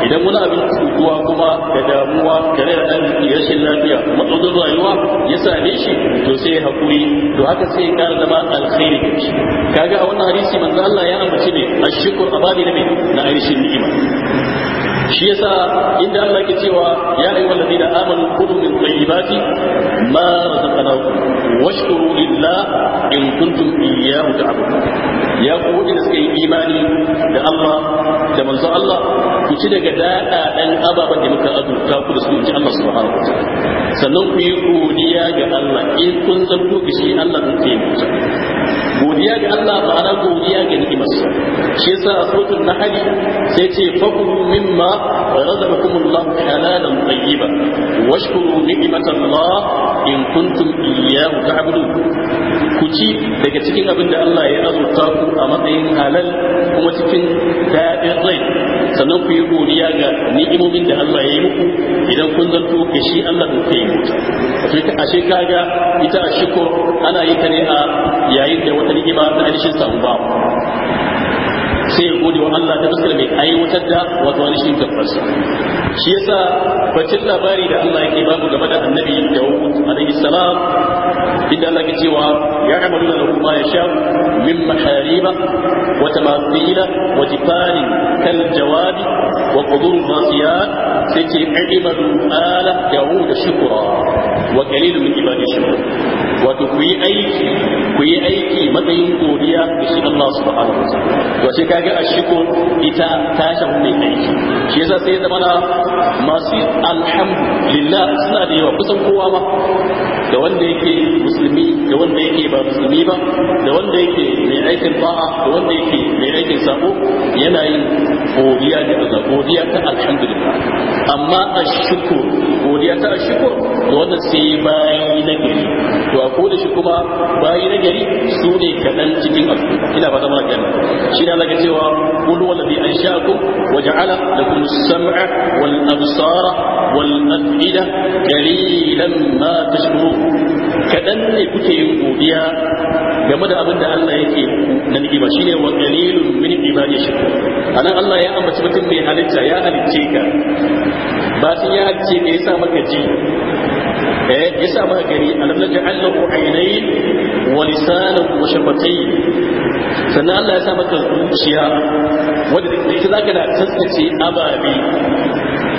idan wani abinci cutuwa kuma da damuwa da rayar arziki rashin lafiya matsalolin rayuwa ya same shi to sai hakuri to haka sai ya kara zama alkhairi kaga a wannan hadisi manzo Allah ya ambaci ne ashkur abadi ne na aishin ni'ima shi yasa inda Allah ke cewa ya ayyuhal ladina amanu kulu min tayyibati ma razaqnakum washkuru lillah in kuntum iyyahu ta'budun ya ku wanda suka yi imani da Allah da manzo Allah ku ci daga dada dan ababan da muka azurta ku da su ji Allah subhanahu wataala sannan ku yi godiya ga Allah in kun zanto ga shi Allah zai taimaka godiya ga Allah ana godiya ga ni'imarsa shi yasa a suratul nahl sai ce fakulu mimma razaqakumullahu halalan tayyiba washkuru ni'matallah in kuntum iyyahu ta'budu ku ci daga cikin abin da Allah ya azurta ku a matsayin halal kuma cikin daɗin rai sannan ku yi godiya ga ni'imomin da Allah ya yi muku idan kun zanto ga shi Allah din yi muku ashe kaga ita ashiko ana yi ta ne a yayin da wata ni'ima ta samu ba sai ya gode wa Allah ta fuskar mai aiwatar da wato wani shi tabbasa shi yasa bacin labari da Allah yake babu game da annabi Dawud alaihi salam inda Allah ke cewa ya amalu da kuma ya sha min mahariba wa tamathila wa jifarin kal jawabi wa qudur masiyat sai ce ibadu ala Dawud shukra wa qalilun min ibadi shukra wato ku yi aiki ku yi aiki matsayin godiya da shi Allah subhanahu wa ta'ala wace kage ashkur ita ta shafi mai aiki shi yasa sai zama na masu alhamdulillah suna da yawa kusan kowa ma da wanda yake musulmi da wanda yake ba musulmi ba da wanda yake mai aikin ba'a da wanda yake mai aikin sako yana yin godiya da godiya ta alhamdulillah amma a ashkur godiya ta shukur to wannan sai bayi na gari to a koda shi kuma bayi na gari su ne kaɗan cikin abu ina fata mana kenan shi ne Allah cewa qul wallazi ansha'akum wa ja'ala lakum as-sam'a wal absara wal af'ida qalilan ma tashkurun kaɗan ne kuke yin godiya game da abin da Allah yake na ni'ima shine wa qalilun min ibadihi shakur anan Allah ya ambaci mutum mai halitta ya halicce ka Ba batun ya ce ne yasa maka ji eh yasa maka gari alam na ja'allahu aynayn wa lisanan wa shafatayn sannan Allah ya sa maka zuciya wanda ita zaka da taskace ababe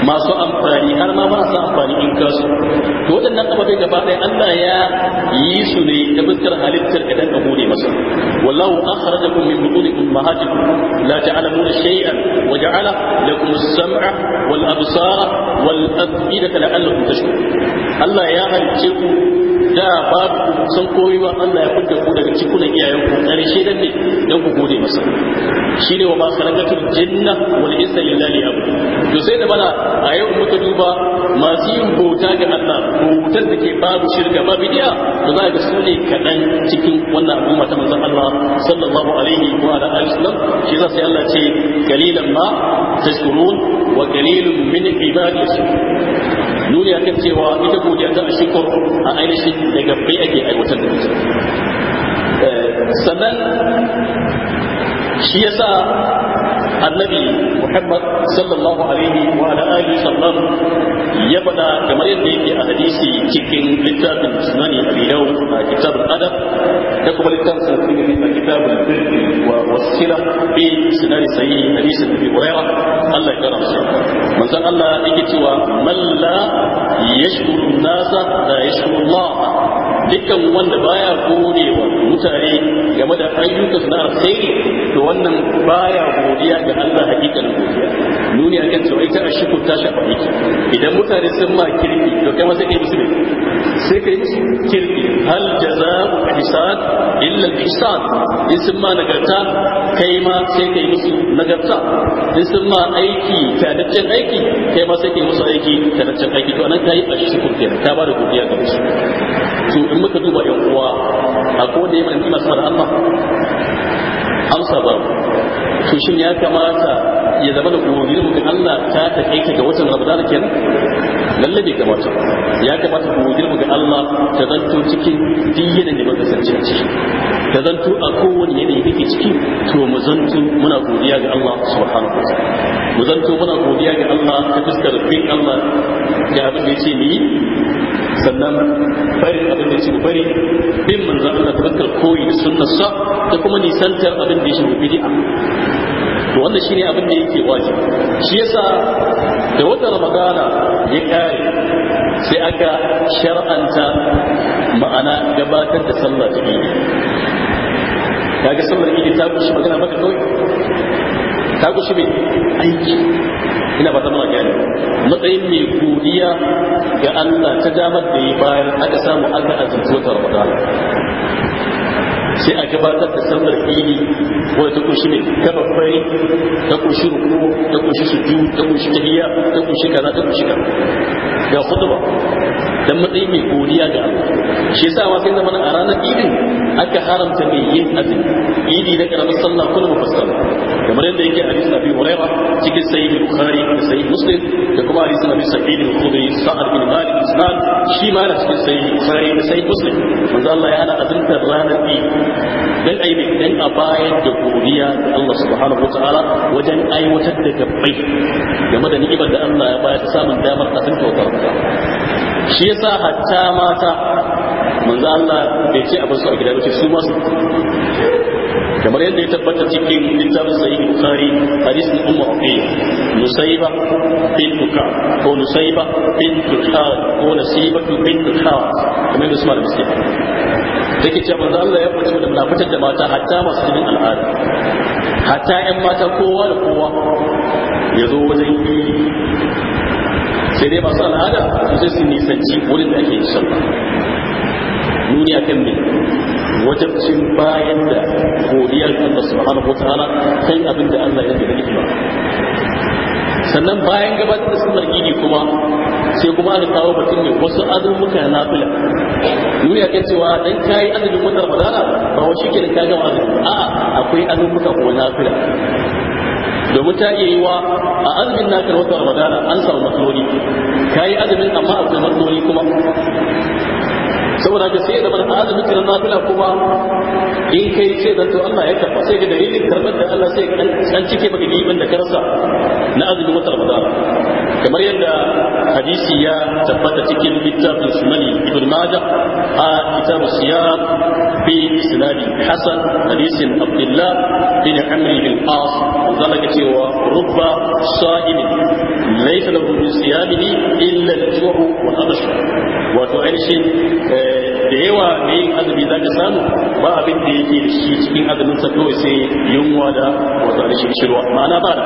masu amfani har ma marasa amfani in kasu to waɗannan ababai gaba ɗaya Allah ya yi su ne ta fuskar halittar idan ka gode masa wallahu akhrajakum min butuni ummahatikum la ta'lamuna shay'an wa ja'ala lakum as-sam'a wal absara wal af'idata la'allakum tashkurun Allah ya halicce ku da babu ku san koyi ba Allah ya fidda ku daga cikunan iyayen ku karshe dan ne dan ku gode masa shine wa masalakatul janna wal isa lillahi abu to sai da bana a yau muka duba masu yin bauta ga Allah bautar da ke babu shirka ba bidiya to za ga su ne kadan cikin wannan al'umma ta manzon Allah sallallahu alaihi wa ala alihi wasallam shi zai Allah ce qalilan ma tashkurun wa qalilun min ibadihi nuni akan cewa ita godiya ta shukur a ainihin daga bai ake aiwatar da ita eh, sannan shi yasa annabi muhammad sallallahu alaihi wa ala alihi sallam ya faɗa kamar yadda yake a hadisi cikin littafin sunani a dawud a kitab adab da kuma littafin sunani a kitab al-birri wa wasila bi sunani sahihi hadisin abi hurairah Allah ya kara masa manzon Allah yake cewa man la yashkuru nasa la yashkuru Allah dukkan wanda baya gode wa mutane game da ayyuka suna na to wannan baya godiya ga Allah hakikan godiya duniya kan cewa ita a shi ta shafa aiki idan mutane sun ma kirki to kai ma sai kai musu sai kai musu kirki hal jaza'u ihsan illa ihsan in sun ma nagarta kai ma sai kai musu nagarta in sun ma aiki tadaccen aiki kai ma sai kai musu aiki tadaccen aiki to anan kai a shi kenan ta ba da godiya ga musu to in muka duba yan uwa a ko da yakan tuna sama da Allah amsa ba to shin ya kamata ya zama da kogin mu Allah ta take ga watan Ramadan Nan lalle bai kamata ya kamata kogin mu ga Allah ta zanto cikin diyyanin da muka sanci ciki ka zanto a kowane yanayi ke ciki to mu zanto muna godiya ga Allah subhanahu wa mu zanto muna godiya ga Allah ta fuskar bin Allah ya abin da yace ni sannan bari abin da yace mu bari bin manzon Allah ta fuskar koyi da sunnarsa da kuma nisantar abin da ya shafi bid'a to wannan shine abin da yake wajibi shi yasa da wata magana ya kare sai aka shar'anta ma'ana gabatar da sallah ta kaga sallar idi ta gushi magana maka kawai ta gushi mai aiki ina ba mana gani matsayin mai godiya ga Allah ta damar da ya bayar aka samu Allah a azumci wata Ramadan sai a gabatar da sallar idi wadda ta kunshi ne gababbai ta kunshi ruku ta kunshi suju ta kunshi tahiyya ta kunshi kaza ta kunshi kaza ga khutba dan matsayi mai godiya ga Allah shi sa ma sai zama a ranar idin aka haramta mai yin azumi idi na karamar sallah kullu mufassal kamar yadda yake hadisi Abi Hurairah cikin sahih Bukhari da sahih Muslim da kuma hadisi Abi Sa'id al-Khudri Sa'ad bin Malik islam shi ma na cikin sahih Bukhari da sahih Muslim manzo Allah ya hana azumta ranar idi dan ayi dan a bayan da godiya ga Allah subhanahu wataala wajen aiwatar da gabbai game da ni'imar da Allah ya bayar samun damar kasan kyautar shi yasa hatta mata manzo Allah bai ce abin su a gida ba su ma su kamar yadda ya tabbata cikin littafin sahih bukhari hadisin ummu rafi nusayba bint ka ko nusayba bint ka ko nasiba bint ka kamar da Usman Muslim take cewa manzo Allah ya fice da munafitar da mata hatta masu jinin al'ada hatta ƴan mata kowa da kowa ya zo wajen sai dai masu al'ada su sai su nisanci wurin da ake yin sallah nuni akan wajen cin bayan da godiyar su Allah subhanahu wataala kai abin da Allah ya daga hikima sannan bayan gabatar da sunnar gidi kuma sai kuma aka kawo batun ne wasu azumuka na nafila nuni akan cewa dan kai azumin wata ramadana ba wa shi kenan ka gama azumi a'a akwai azumuka ko nafila domin ta iya yi wa a azumin naka wata ramadana an samu matsaloli ka yi azumin amma akwai matsaloli kuma saboda ka sai da bar azumin kiran nafila kuma in kai ce da to Allah ya karba sai ga dalilin karbar da Allah sai an cike maka giban da karsa na azumi wata Ramadan kamar yadda hadisi ya tabbata cikin littafin sunani ibn majah a kitabu siyam bi isnadi hasan hadisin abdullah bin amr bin as zama ka cewa rubba sa'imin laysa lahu min siyamihi illa al-ju'u wal wato ainihin eh, da yawa mai yin azumi za ka samu ba abin da yake da shi cikin azumin sa kawai sai yunwa da wata rashin ma'ana ba da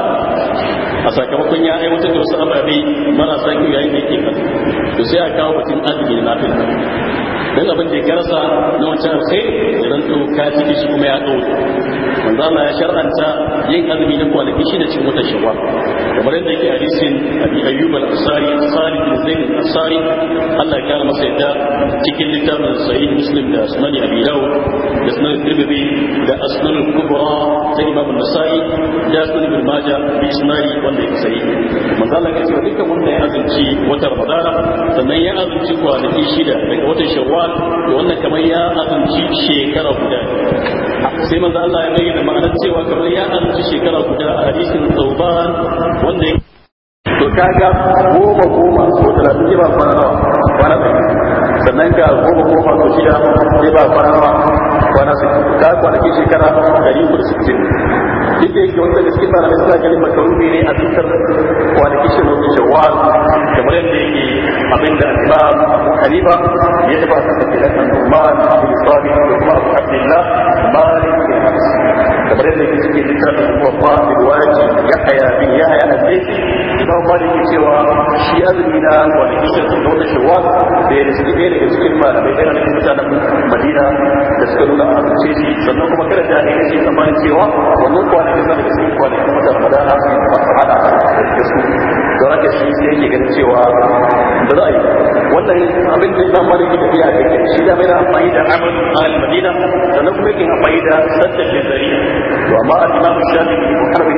a sakamakon ya aiwatar da wasu ababe marasa kyau yayin da yake kasu to sai a kawo batun azumi na da dan abin da ya karasa na wancan sai idan to ka ciki shi kuma ya dauke manzo Allah ya shar'anta yin azumi na kwanaki da cin wata shawwal kamar yadda yake hadisin abi ayyub al-ansari salih bin zaid al asari Allah ya kara masa yadda cikin littafin sahih muslim da sunan abi dawud da sunan tirmidhi da asnan kubra ta imam an-nasa'i da sunan ibn majah bi wanda ya sai manzo Allah cewa dukkan wanda ya azumci wata ramadana sannan ya azumci kwanaki shida daga watan shawwal to wannan kamar ya azumci shekara guda sai manzo Allah ya bayyana ma'anar cewa kamar ya azumci shekara guda a hadisin tauban wanda ya to kaga goma goma ko talatin ba kwana nawa kwana sannan ga goma goma ko shida ba kwana nawa kwana su ka kwanaki shekara ɗari hudu sittin duk da yake wanda gaske fara nasa ganin makarubi ne a fitar kwanaki shi nufin shawwal kamar yadda yake abinda imam abu hanifa ya taba ta tafi da kan umar abu isabi da kuma abu abdullah malik bin kamar yadda yake cikin littafin kuma ba da wajibi ya haya bin ya haya a imam malik ke cewa shi azumi na kwanaki sai sun da ya ɗaya daga cikin ɗaya madina da suka nuna a shi sannan kuma kada da cewa wannan cikin kwanakin wata ramadana su yi masu hada da su don haka shi sai yake ganin cewa ba za a yi wannan abin da imam malik shi da mai na amfani da al-madina sannan kuma yake amfani da to amma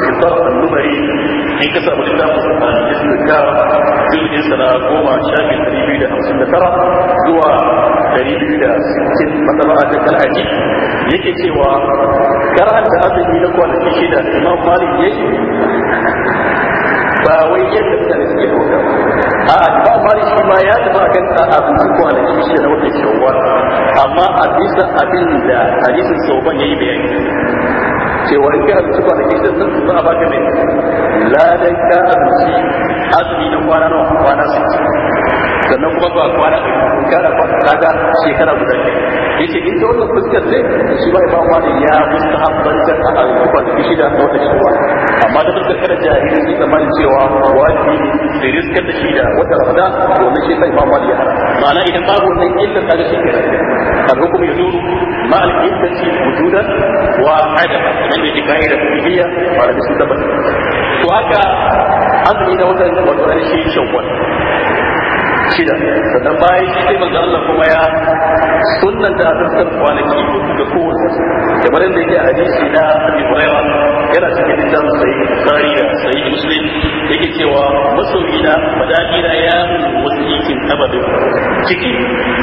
kitab al-numari in ka samu littafin al-istizkar jirgin sana goma shafi ɗari biyu da hamsin da tara zuwa ɗari biyu da sittin matsala'a yake cewa karanta azumi na kwanaki shida imam malik yayi ba wai yadda mutane suke bauta a ba mali shi ma ya tafi akan abin da kwanaki shi na wata shawwal amma a bisa abin da hadisin sauban yayi bayani cewa in ka hamsi kwanaki shi sun ba a baka ne ladan ka hamsi azumi na kwana nawa kwana sittin sannan kuma ba kwana ɗari kara ta kaga shekara guda ne yake in ta wannan fuskar ne shi ba ba ma da ya fuska habbantar a alkuba da kishi da wata cewa amma da fuskar kada jahili ne zaman cewa wajibi da riskar da shi da wata rada domin shi sai ba ma ya hara ma'ana idan babu wannan illar kaga shi ke الحكم يدور مع العدة وجودا وعدما من يجي قاعدة فقهية على بسم الله وهكذا أظن إذا وزن وزن شيء شوال shida sannan bayan shi sai manzo Allah kuma ya sunnanta a tsakar kwanaki da kowace kamar yadda yake hadisi na Abi Hurairah yana cikin littafin sai Bukhari da sai Muslim yake cewa masoyi na madaki na ya wasikin abadin ciki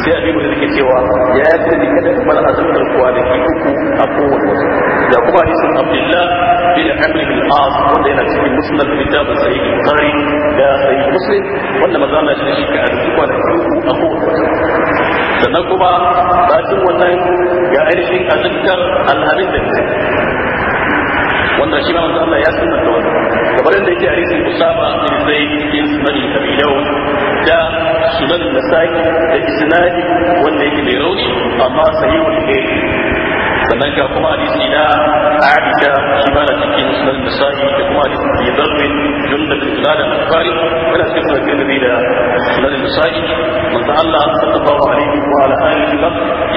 sai Abi Hurairah yake cewa ya yi kada kuma da tsakar kwanaki uku a kowace da kuma hadisin Abdullah bin Amr bin al As wanda yana cikin Musnad kitabun sai Bukhari da sai Muslim wanda manzo Allah shi ka halarci kwanakin ku a kowace sannan kuma bacin wannan ya ainihin a azikar alhamin da ke wannan shi ma manzo Allah ya sunna da wannan kamar yadda yake hadisin Usama bin Zaid bin Sunan Abi Dawud da Sunan Nasa'i da isnadi wanda yake mai rauni amma sahihul bukhari sannan ga kuma hadisi da Abi haka shi ba na cikin sunan nasa'i da kuma da kuma ya zarfe jumla da kula da alfari wala sai kuma kai nabi da sunan nasa'i manzo Allah sallallahu alaihi wa ala alihi wa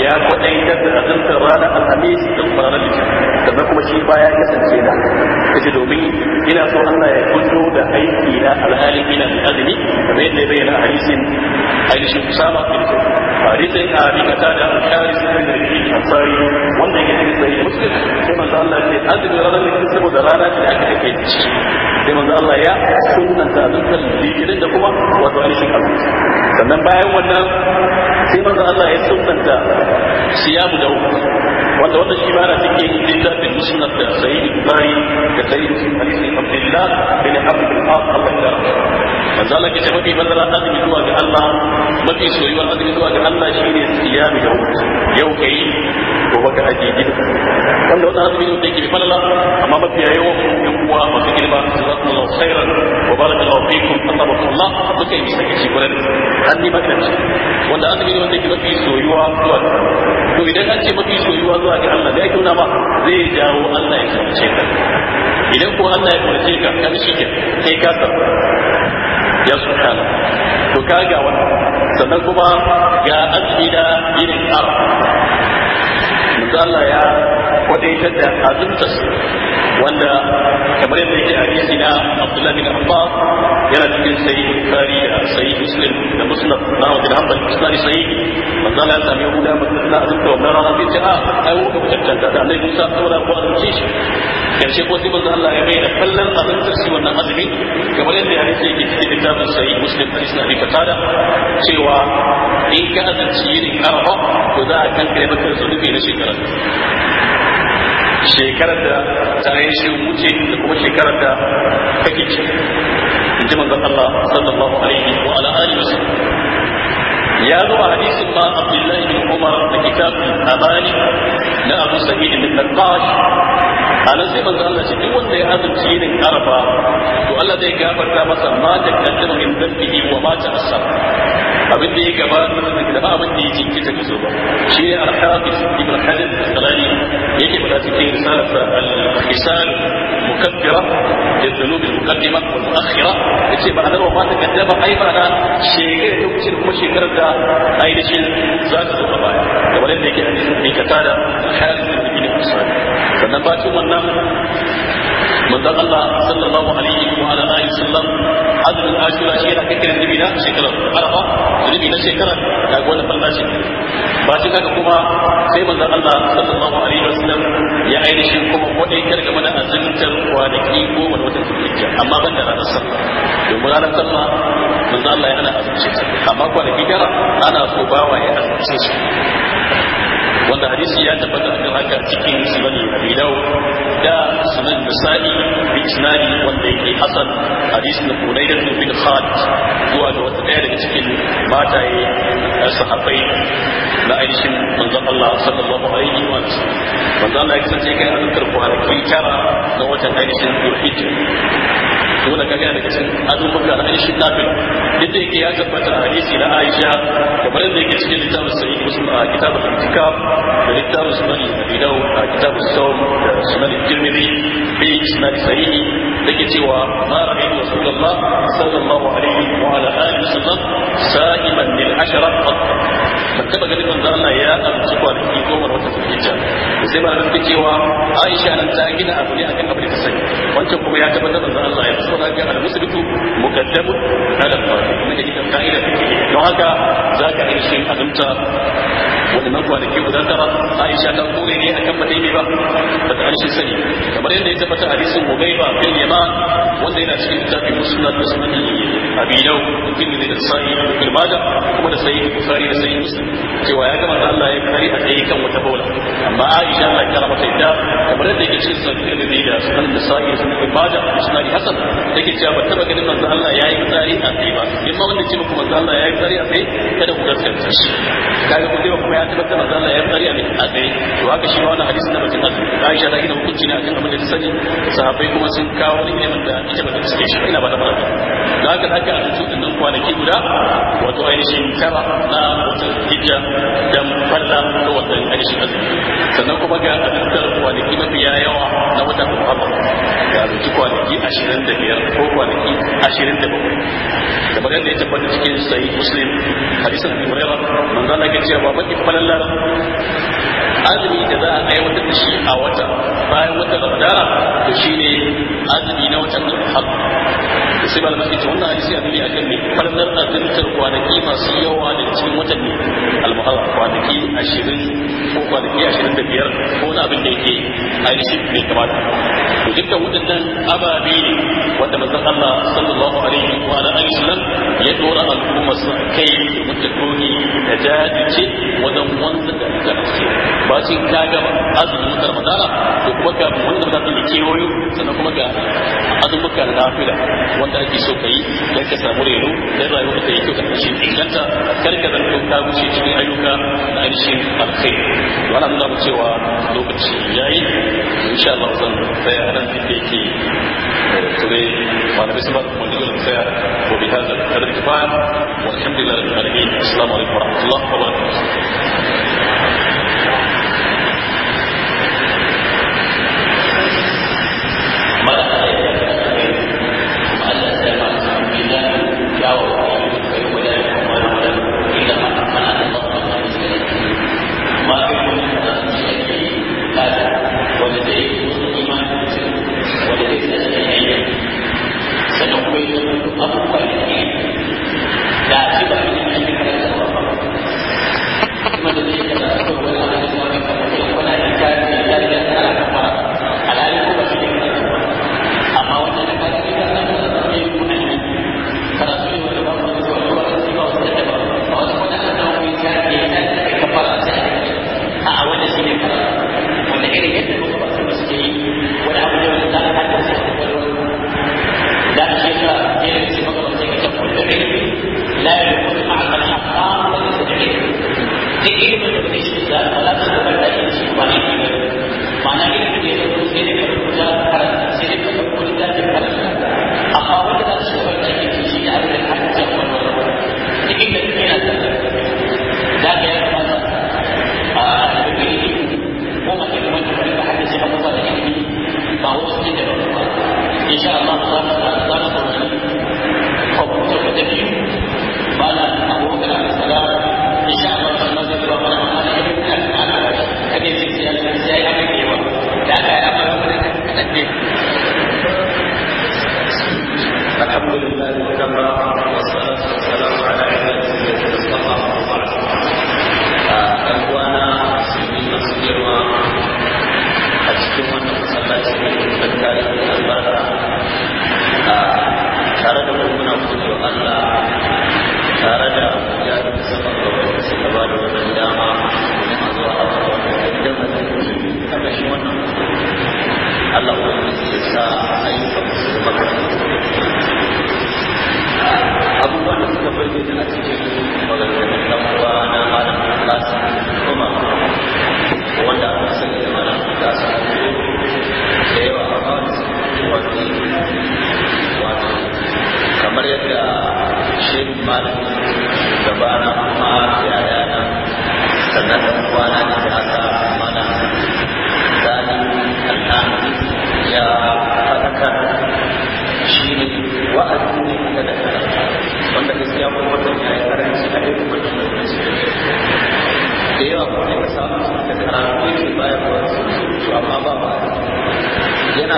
ya kwadaita da azantar rana alhamis din ranar litinin sannan kuma shi ba ya kasance da kace domin ina so Allah ya kunto da aiki na ina da azumi kamar yadda ya bayyana hadisin hadisin na abi kata da alkari su kan gari ansari wanda yake cikin sai muslim sai manzo Allah ya ce azumi ranar da saboda rana ce aka kake ciki sai manzo Allah ya sunnanta azumtar litinin da kuma wato ainihin azumi sannan bayan wannan sai manzo Allah ya sunnanta siyamu da uku wanda wanda shi ba na cikin ta littafin musnad da sayyid bukhari da sayyid hadisi abdullah bin abd al-as Allah ya rahmah manzo Allah ke ce mafi ta azumi zuwa ga Allah mafi soyuwar azumi zuwa ga Allah shine siyamu yau yau kai gobe ka aje gida wanda wata azumi ne take bi falala amma mafi yawa yan uwa ba su girma jazakumullahu khairan wa barakallahu fikum atabarakallah muka yi sake shi gurin an ni makanci wanda azumi ne wanda ke mafi soyuwa zuwa to idan an ce mafi soyuwa zuwa ga Allah da yake nuna ba zai jawo Allah ya sauce ka idan ko Allah ya sauce ka kan shi ke kai ka ya subhanahu to ga wannan sannan kuma ga azmina irin arab Allah ya kwadaitar da azumta wanda kamar yadda yake hadisi na Abdullah bin Abbas yana cikin sahih Bukhari da sahih Muslim da Musnad na Abu Hanbal Musnad sahih manzo Allah ya sami Yahuda mutunta a dukkan wannan rana sai ce a ah, ai wuka mutunta da Annabi Musa saboda ko an ci shi karshe ko sai manzo Allah ya bayyana kallon abin tarsi wannan azumi kamar yadda hadisi yake cikin kitabun sahih Muslim da na Abi cewa in ka azanci yin arfa to za a kankare maka zunubi na shekara shekarar da ta ainihin wuce da kuma shekarar da kake ci in ji manzon Allah sallallahu alaihi wa ala alihi ya zo a hadisin ma Abdullahi bin Umar da kitabul Abani na Abu Sa'id bin Naqqash anan sai manzo Allah ce duk wanda ya azumci yinin arfa to Allah zai gafarta masa ma ta kaddama min dhanbihi wa ma ta asab abin da ya gabata masa da abin da ya jinkita da ba shi ne al-hafiz ibn hajar al-asqalani yake fada cikin risalarsa al-hisal mukaddara da wa yace ba mukaddira للذنوب المقدمة والمؤخرة يجب أن نرى ما تقدم أي ai da shi كما شيء كرد ba شيء wanda yake hadisi يكن في كتالة الحال bil ihsan sannan bacin wannan manzon Allah sallallahu alaihi wa ala alihi sallam azumin ashura shi yana kakkirin nabi na shekarar araba nabi na shekarar da gona fallashi bacin haka kuma sai manzon Allah sallallahu alaihi wa sallam ya ainihi kuma kodai kar game da azumtar kwanaki goma da watan zulhijja amma ban da ranar sallah domin ranar sallah manzon Allah ya hana azumce ta amma da tara ana so bawa ya azumce su wanda hadisi ya tabbata da haka cikin sunan abi dawud da sunan nasa'i bi isnadi wanda yake hasan hadisi na buraida bin khalid zuwa ga wata daya daga cikin mataye eh, sahabbai na aishin manzon Allah sallallahu alaihi wa sallam manzon Allah ya kasance kai azumtar kwanaki tara na watan aishin zulhijja to ka kaga daga cikin azumuka na aishin nafil duk da yake ya tabbata a hadisi na Aisha kamar yadda yake cikin littafin sahih muslim a kitabul intikab da littafin sunan Abi Dawud a kitabul sawm da sunan Tirmidhi bi isnad sahih dake cewa ma ra'aytu rasulullah sallallahu alaihi wa ala alihi sallam sa'iman lil ashara ban taba ganin manzon Allah ya amsa da goma wata zuciya sai ma rubuta cewa Aisha nan ta gina abu ne akan ka sani wancan kuma ya tabbatar da Allah ya tsara ga al-musliku muqaddamun ala al-fardh kuma da ita ka'ida take don haka zaka yi shi azumta kuwa da ke guda tara aisha ta kore ne akan ba daidai ba ba ta harshe sani kamar yadda ya tabbata hadisin hudayba bin yaman wanda yana cikin tafi musnad da sunan abi daud bin da sa'i da maja kuma da sahih bukhari da sahih muslim cewa ya gama Allah ya kare a tsaye kan wata bola amma aisha Allah ya kara mata ita kamar yadda yake cikin sunan da sunan da sa'i da sunan bin maja da sunan hasan take cewa ba taba ganin manzo Allah ya yi fitsari a tsaye ba in ma wanda ce muku manzo Allah ya yi fitsari a tsaye kada ku gaskata shi kaga ku kuma ya tabbatar manzo Allah ya tsari a mai a tsaye to haka shi ma wannan hadisin da mutum azumi Aisha ta gina hukunci ne akan abin da ta sani sahabbai kuma sun kawo wani ilimin da ita ba ta suke shi ina ba ta fara da haka haka a cikin nan kwanaki guda wato ainihin tara na watan hijja dan falla da watan ainihin azumi sannan kuma ga azantar kwanaki mafiya yawa na watan Muharram ga zuci kwanaki ashirin da biyar ko kwanaki ashirin da bakwai kamar yadda ya tabbata cikin sahih muslim hadisin Hurairah manzo Allah ya ce wa baki falalar azumi da za a aiwatar da shi a wata bayan wata ramadana to shi ne azumi na watan alhaq da sai malamai ke ce wannan hadisi a duniya kan ne falalar azumtar kwanaki masu yawa da cikin watan ne almuharram kwanaki ashirin ko kwanaki ashirin da biyar ko wani abin da yake ainihin bai kamata to dukkan waɗannan ababe ne wanda manzon Allah sallallahu alaihi wa alihi wasallam ya dora al'umma su kai da mutakoni da jajirce wajen wajen wanda da muka ce ba shi ka ga azumin mutar madara ko kuma ka wanda ba ta kewayo sannan kuma ga azumuka da nafila wanda ake so kai dan ka samu reno don rayuwar ka yi kyau ka kashe inganta kar ka zanto ka wuce cikin ayyuka da ainihin alkhair to ana nuna cewa lokaci yayi insha Allah zan tsaya nan da yake eh, tare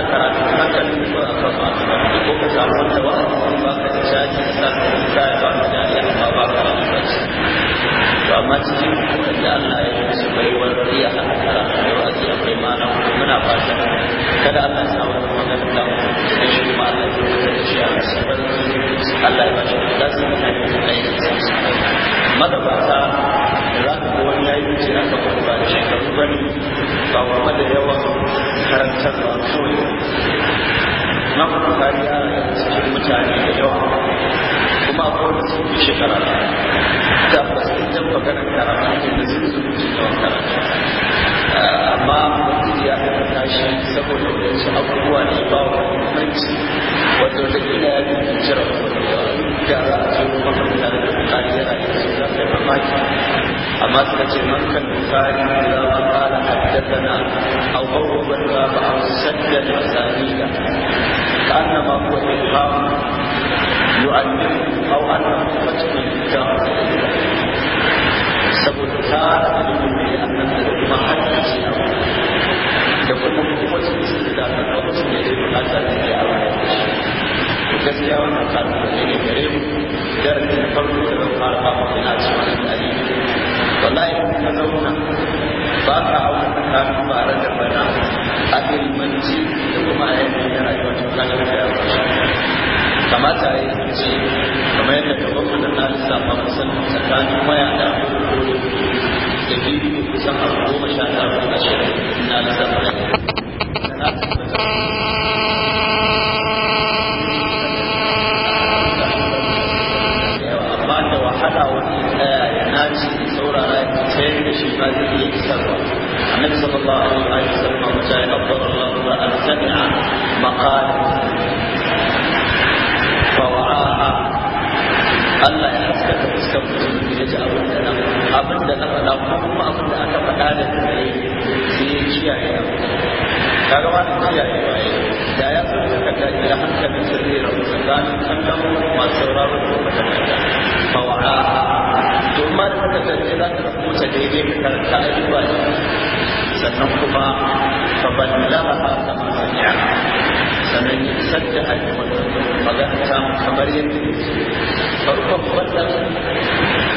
karatu haka ne ba a kafa ko ka samu wanda wa'azi ba ka ta ta sa ka rubuta ya ba mu jari ba karatu ba ce to amma cikin Allah ya yi su bai wanda ya hana karatu da wa'azi a kai mana muna ta kada Allah ya sa wani magana da mu da shi ma Allah ya yi da shi a sabar Allah ya ba shi da su da aiki magabata za ka ga wani ya yi wuce na kafa ba da shekaru ba ne ba wa da yawan karantarwa kawai imam bukari ya rayu cikin mutane da yawa kuma akwai da sun fi shekara maganar karatu ne da zai karatu amma mutum ya haka tashi saboda wadansu abubuwa ne ba wa muhimmanci wato da ya fi jira da za a zo maka da da bukari da za yi mamaki amma suka ce da za حدثنا أو قرب الباب أو سد الأسانيد كأنما هو إبهام يؤلف أو أنه فتح الكتاب saboda ta ilimin da ya annabta da kuma haddace a da kuma kuma su su da ta kawo su ne da bukata da ke a wani shi gaskiya wannan kalubale ne gare mu darasin farko da zan fara ba mu ina cikin alimin wallahi ka zauna فاقع وتكامل ما رزقنا أبي المنجي لكم أيضا يرى يوتكان الحياة kamata a yi ce kamar yadda gaban mu da na lissafa kusan tsakanin waya da da biyu kusan abu goma sha tara ko ashirin na lissafa da na da wahala wani ya nace saurara ya fice da shi ba zai الله أن وبلغها كما سمعها sannan ya isar da magana kamar yadda farkon wannan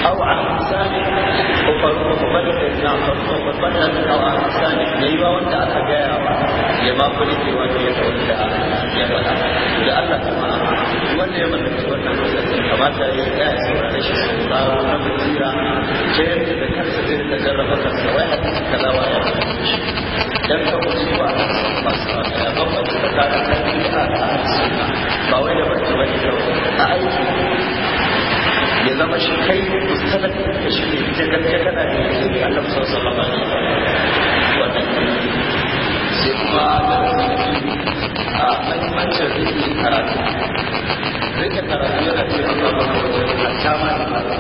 au a misali ko farkon na farkon wannan au a misali ba wanda aka gaya ba ya ke ya da ya faɗa da Allah wanda ya wannan kamata ya ya shi da kansa zai ta jarraba kansa wai a cikin dan ka kuce wa masu ya bambanta da kaɗan kan bid'a da ahlus ba wai da bata bane kawai a aiki ya zama shi kai mustalan da shi ne ta gaskiya kana da ilimi Allah sallallahu alaihi wasallam wannan sai kuma da a mahimmancin rikin karatu rikin karatu yana taimakawa wajen hatta ma da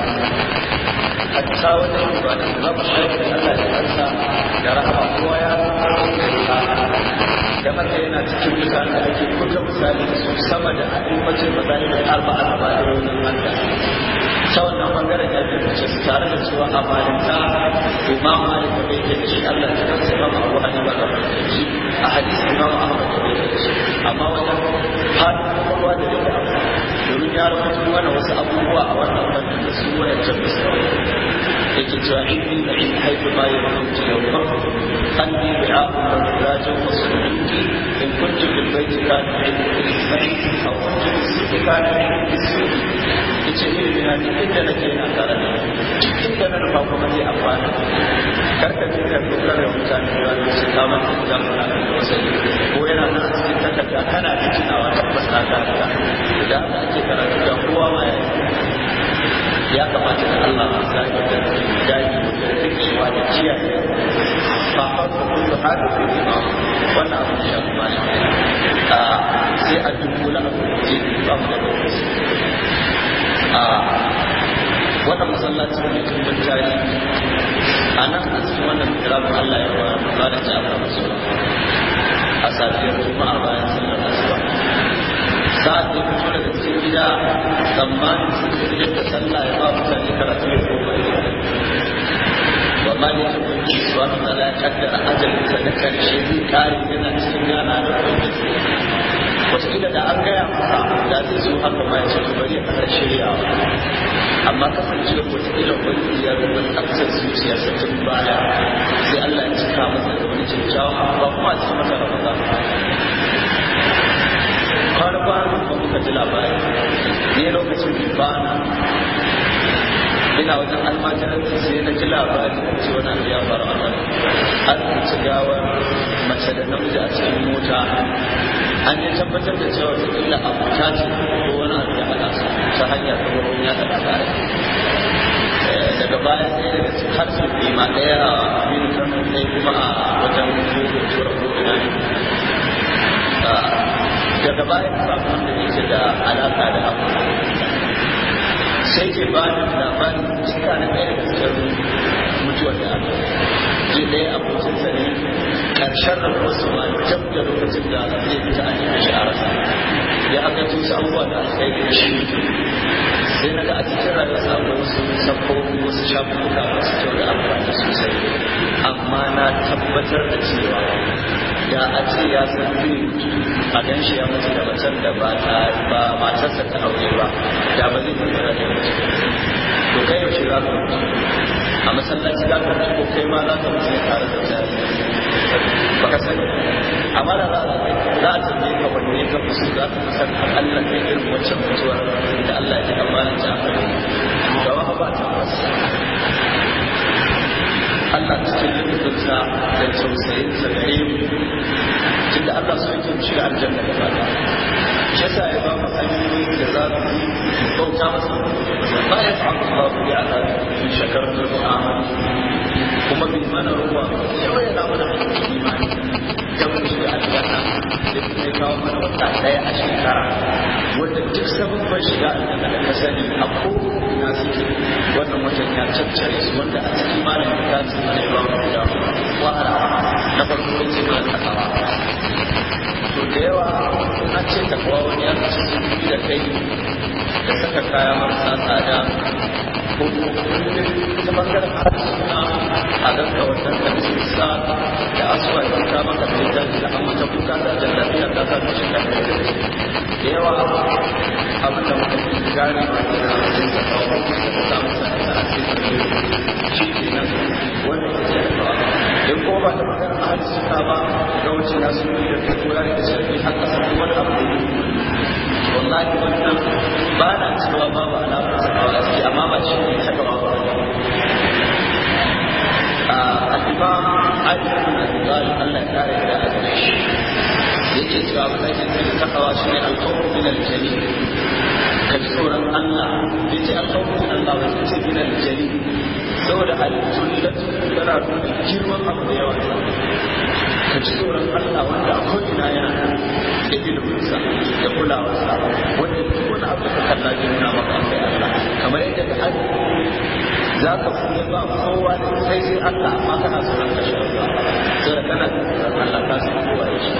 hatta wani ibada da Allah da da rahama ya da mata yana cikin misali kuka misali sama da al'ummacin misali da arba'a arba'a ta bangaren ya su tare da cewa a malinta imam malik da bai da shi Allah ta kansa da bai a da amma wajen hadin kowa da daga. domin ya rubuta mana wasu abubuwa a wannan fannin da su wani tabbas da ke cewa inni da in haifu ma yi rubuta yau an yi da abu da rajin wasu rubuki in kuntu bin bai ta kan da in kun sai a kuntu su ta ka da in kun su ce da ke na tare da na kuma zai amfana karka ce ka da mutane da su kama da mutane da wasu ko yana takarda kana da tabbata ta da haka ake karatu da kowa ma ya kamata da Allah ya da daji da fikewa da ciya fa farko kullu hadu fi ma wannan abu ya kuma a sai a dubbula abu ji ba mu da lokaci a wannan masallaci ne tun tarihi a nan a cikin wannan kirabin Allah ya ba da jama'a a safiyar juma'a bayan sallar asuba za su kuma daga cikin gida tsammanin su fitar da sallah ya ba mutane karatu ya koma gida amma ne su wani tsala kaddara ajalinsa na karshe zai kare yana cikin gana da ubangiji gida. da an gaya masa da zai zo haka ma ya ce bari a ƙasar shirya amma kasance wataƙila wani ya rubu tsaftar zuciya sakin baya sai Allah ya cika masa da wani kyakkyawa ba kuma a cikin masa ramadan kuma muka ji labari ne lokacin bana ina wajen almajiranci sai na ji labari a ce wani abu ya faru a kan an ci gawar mace da namiji a cikin mota an yi tabbatar da cewa ta illa abu ta ce ko wani abu ya haɗa su ta hanyar ta wurin ya haɗa labari eh, daga baya sai daga har su bi ma a biyu kan ɗaya kuma a wajen ko ko ko ina daga bayan babu da yake da alaka da abu sai ke ba da labarin cika na ɗaya da suka zo mutuwa da abu ji ɗaya abokin sa ne ƙarshen da wasu ma jab da lokacin da zai fita a cikin shi a rasa ya aka tusa abubuwa da aka yi shi sai na ga a cikin rayuwa sa sabon su sabbobi wasu shafuka masu kyau da amfani sosai amma na tabbatar da cewa da a ce ya san biyu a gan shi ya mutu da macen da ba ta ba matarsa ta aure ba da ba zai mutu da ta mutu to kai yaushe za ka mutu a masallaci za ka mutu ko kai ma za ka mutu ne tare da ta ba ka sani amma da za a za a tambaye ka ne ka fi za ka fi san allah kai irin wancan mutuwar da Allah ya ji da ta a kai gaba ba ta wasu Allah cikin lubutunsa da tausayin gare mu tunda Allah so yake shiga aljanna da fata shi yasa ya ba mu hanyoyi da za mu bauta masa ba ya fa'alu ya bi ala shakar da wa amanu kuma bi mana ruwa yawa yana mana imani da mu shiga aljanna da kuma kawo mana wata daya a shekara wanda duk sabon shiga aljanna da ka sani a kowace tasiri wannan watan ya caccare su wanda a cikin malam da ta ce mana ba mu da wahala na farko ce mana takawa to da yawa na ce takawa wani ya ci kuɗi da kai da saka kaya marasa tsada ko ta bangaren arzikina a ganka wannan da ce sa da asuwa ya ta maka da ita da amma ta kuka da jan lafiya ta sa ta shi da yawa abin muka fi ba da da sanata a cikin da shi in ko ba da magana a hadisi ta ba ga wuce na sun da ta kula da shirki har ka samu wani abu da wallahi wannan ba na cewa ba ba na amma ba shi ne ta gaba ba a ba a yi Allah ya kare da a shi yake cewa abin da yake nuna takawa shi ne alkawar min aljali ka ji tsoron Allah ya ce alkawar min Allah wani ce min aljali saboda aljullatu na nuna girman abu da yawa ka ji tsoron Allah wanda a ko'ina yana da iliminsa da kulawarsa wanda duk wani abu da kalla ya nuna maka akwai Allah kamar yadda ka hadu za ka kuma ba kowa da sai sai Allah amma kana tsoron ka shi Allah saboda kana tsoron Allah ka san kowa ya shi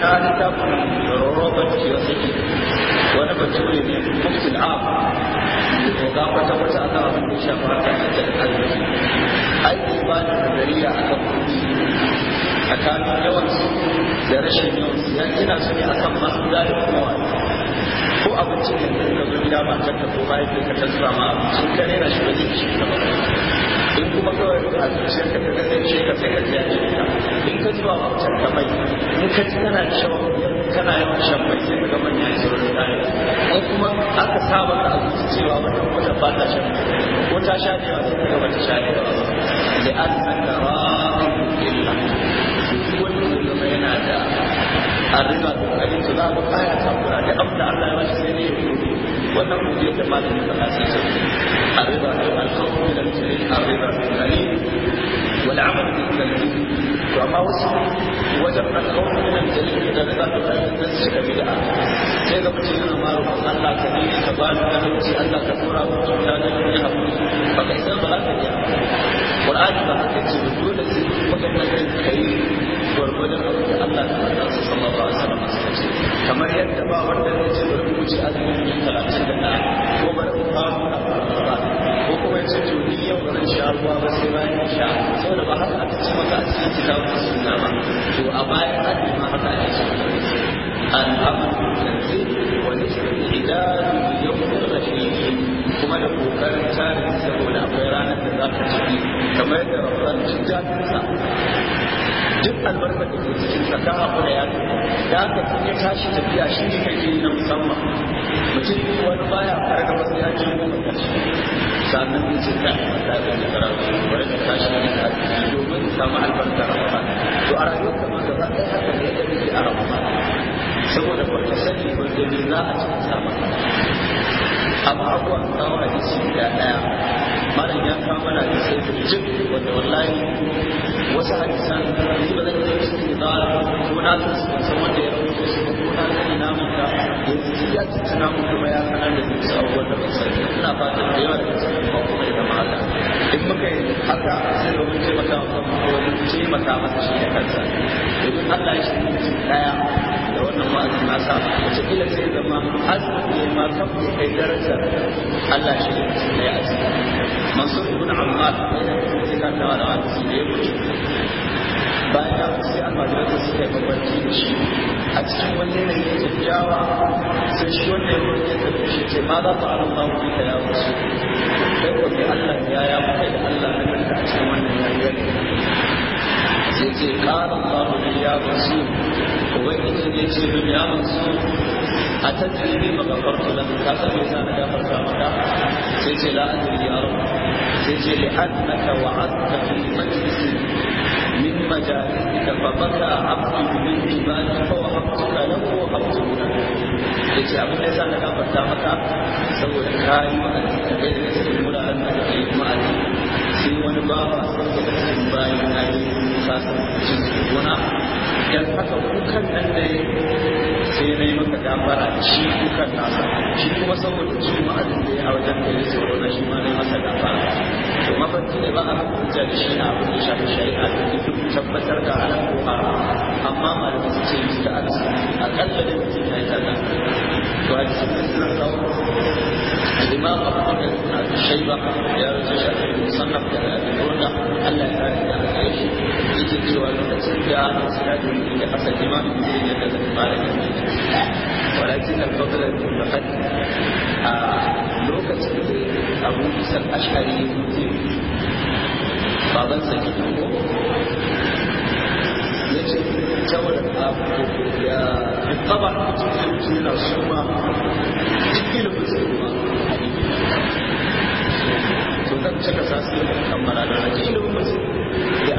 ta robert kiyosaki wani bature ne muftin am da koga kwata-kwata a kan abin da ya shafa ta hajjar arziki ai ba da a kan kuɗi tsakanin yawan su da rashin yawan su ya su ne akan masu gadi kuma wani ko abincin da ka zo gida matar ka ko bayan ka ta ma abincin ka rera shi ba zai ci in kuma kawai a zuciyar ka ta kasance ka sai ka biya ka in ka zuba wancan ka mai in ka ji kana shawan kana yawan shan mai sai ka manya ya sauran kare in kuma aka saba ka a cewa wata wata ba ta shan ko ta sha da yawa sai ka ba ta sha da yawa da an sanda ra'ayin illa duk wanda ya zama yana da a riba da ƙarin su za a ga baya samu da abin da Allah ya ba shi sai ne ya yi wannan godiyar da malamin faɗa sai sauki arriba al-khawf min al-jalil arriba al-qalil wal amal bil qalil to amma wasu wajen al-khawf min al-jalil da da zaka da nan suka bid'a sai ga mutum yana maro Allah ka ne ka ba ni talauci Allah ka tsora mu cuta da ni hakuri ba kai san ba haka ne Qur'ani ba haka ce dole sai wannan kai gurgurdan Allah ta faɗa sallallahu alaihi wasallam kamar yadda ba wanda zai ce bari wuce azumin da talatin da na ko bari mu kawo na ba ko kuma ya ce to ni yau ba zan sha ruwa ba sai bayan sha saboda ba haka aka ci maka a cikin kitabun sunna ba to a bayan azumi ma haka ake so alhamdu yanzu wani idan yau da shi kuma da kokarin tarin saboda akwai ranar da za ta ciki kamar yadda ramadan cin jafinsa duk albarkar da ke cikin sa ka haƙura ya da aka kun ya tashi tafiya shi ne kake yi na musamman mutum ne wani baya fara gaba sai an jin goma kashi sannan in ce ta ta ga da karatu wani da tashi ne da ake domin samu albarkar ramadan to a rayuwar ka ma gaba ɗaya haka ne da kake a ramadan saboda ba ta sani ba da za a cikin sa amma abubuwan kawo hadisi guda ɗaya malam ya kawo mana da sai da jin wanda wallahi wasu hadisan ni ba zan yi cikin da ko na san wanda ya rubuta shi ko na san ina mun da yanzu ya na kuma ya sanar da zuciya wanda ba sai ina fatan da yawa da cikin ba kuma ya zama in muka yi haka sai ba mun taimaka wa kuma mun taimaka masa shi da kansa domin Allah ya shi mutum daya da wannan wa'azin nasa wata kila sai zama azumi ma kan kai daraja Allah shi ne da ya azumi Mansur ibn Ammar yana da zika da wani su da ya mutu bayan ya mutu sai almajiran da suka yi babbanci da shi a cikin wani ne ya jajjawa sai shi wanda ya mutu ya tafi shi ce ma za ku ta alama ku ta ya mutu sai ko Allah ya ya mutu da Allah na kanta a cikin wannan yayi sai ce qala Allahu li ya mansur ubangiji ne ce bin ya mansur a tadri bi ma gafartu lak ka san me yasa na gafarta maka sai ce da adri ya rabb sai ce li annaka wa'adta fi majlisin من مجالسك فبكى عبدي من عبادي فوهبتك له وهبته abin da yasa na gafarta maka saboda ka yi ma'aji a ɗaya daga cikin wuraren yi ma'aji sai wani bawa sai daga cikin bayan na yi sasa wani dan haka kukan nan da sai na yi maka gafara shi kukan nasa shi kuma saboda shi ma abin da ya a wajen da ya tsoro na shi ma na masa to mafarki ne ba a hukunta da shi na abin da shafi shari'a da duk tabbatar da a amma malamai su ce yi da da mutum ya yi tana to a cikin da suna kawo ce cewa lokacin da sinadin da asa jima zai yi da fara gani walakin da fadlar da a lokacin da abu isan ashari ya mutu baban sa ki ko ya ce jawar abu ya taba cikin jina su ma cikin musulma to kan cika sasu da kammala da rajin da musulma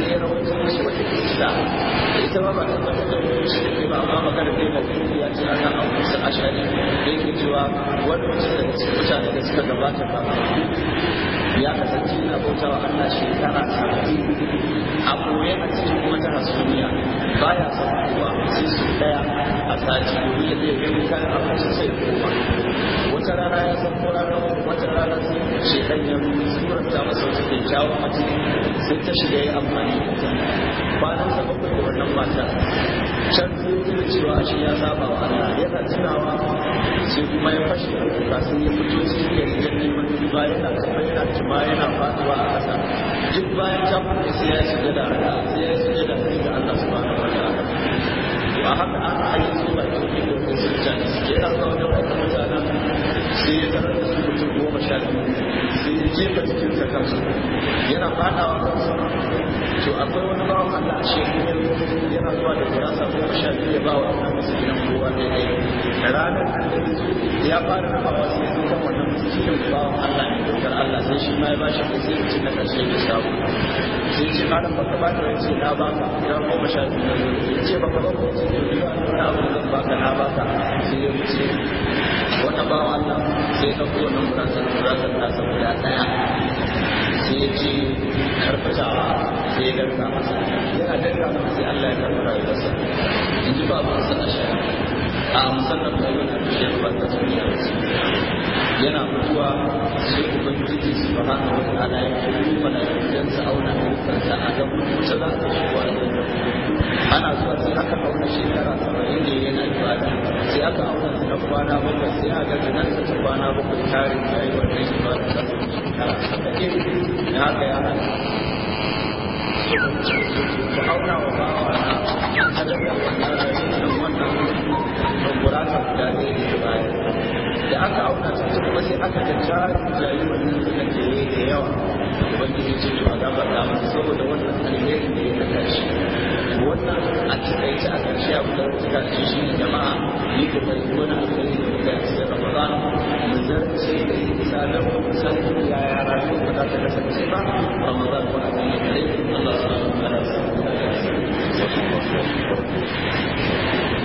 ne ya rawaito mishi wata kisa ita ma ba tabbatar da wani shi take ba amma magana dai da ya ce ana abu su ashari da yake cewa wani mutum daga cikin mutane da suka gabata ba ya kasance yana bautawa Allah shekara saba'in a koya a cikin wata hasumiya baya son kowa sai su daya a sati domin ya zai gani kan abu sai kowa wata rana ya zama rana wata rana ta masa sai ta shiga ya amfani da wannan mata can sai tuna cewa shi ya saba wa Allah yana tunawa sai kuma ya fashe da ya fito cikin gari neman yana kafa yana yana faduwa a ƙasa duk bayan ta fito sai ya shiga da Allah sai ya shiga da Allah a haka aka ayyuka da suke jefa jikinsa kansu yana wa kansu to akwai wani bawan Allah a shekaru yana zuwa da gurasa goma sha biyu ya ba wa wannan musulmin kowa da ne yi ranar ya fara bawa sai ya zuwa wannan musulmin bawan Allah ne dokar Allah sai shi ma ya ko sai na karshe ya samu sai baka ba ta wace na ba ka ya sha biyu ya ce baka ba ko a abin da ba ka na ba ka sai ya wannan bawan Allah sai ka kowa nan murasar murasar ta saboda daya sai ya ci karfatawa sai ya danka masa yana danka masa sai Allah ya karfi rayuwarsa in ji babansa a shi a musamman da yana da shi ba ta tsuniya yana mutuwa sai ubangiji su ba haka wata ala ya kuma mala'ikansa auna ayyukansa a gaban mutu za ta shi wa da ana zuwa sai aka auna shekara saba'in ne yana ibada sai aka auna su na kwana bakwai sai aka zinar sa ta kwana bakwai tarin ya yi wannan ibada ta shekara saba'in haka ya hana ku auna wa bawa na adadin wannan rayuwar wannan tambura ta guda ɗaya da ibada da aka auna ta kuma sai aka tattara jayi wannan suka ke da yawa ubangiji ce to a gafarta masa saboda wannan alherin da ya tattashi wannan a ta a ƙarshe abu da muka ce shi ne jama'a ni ko kai wani alƙali da muka ci da Ramadan mu zarce da isa da mu san yaya rayuwar ba za ta kasance ba Ramadan ko a cikin dare Allah subhanahu wa ta'ala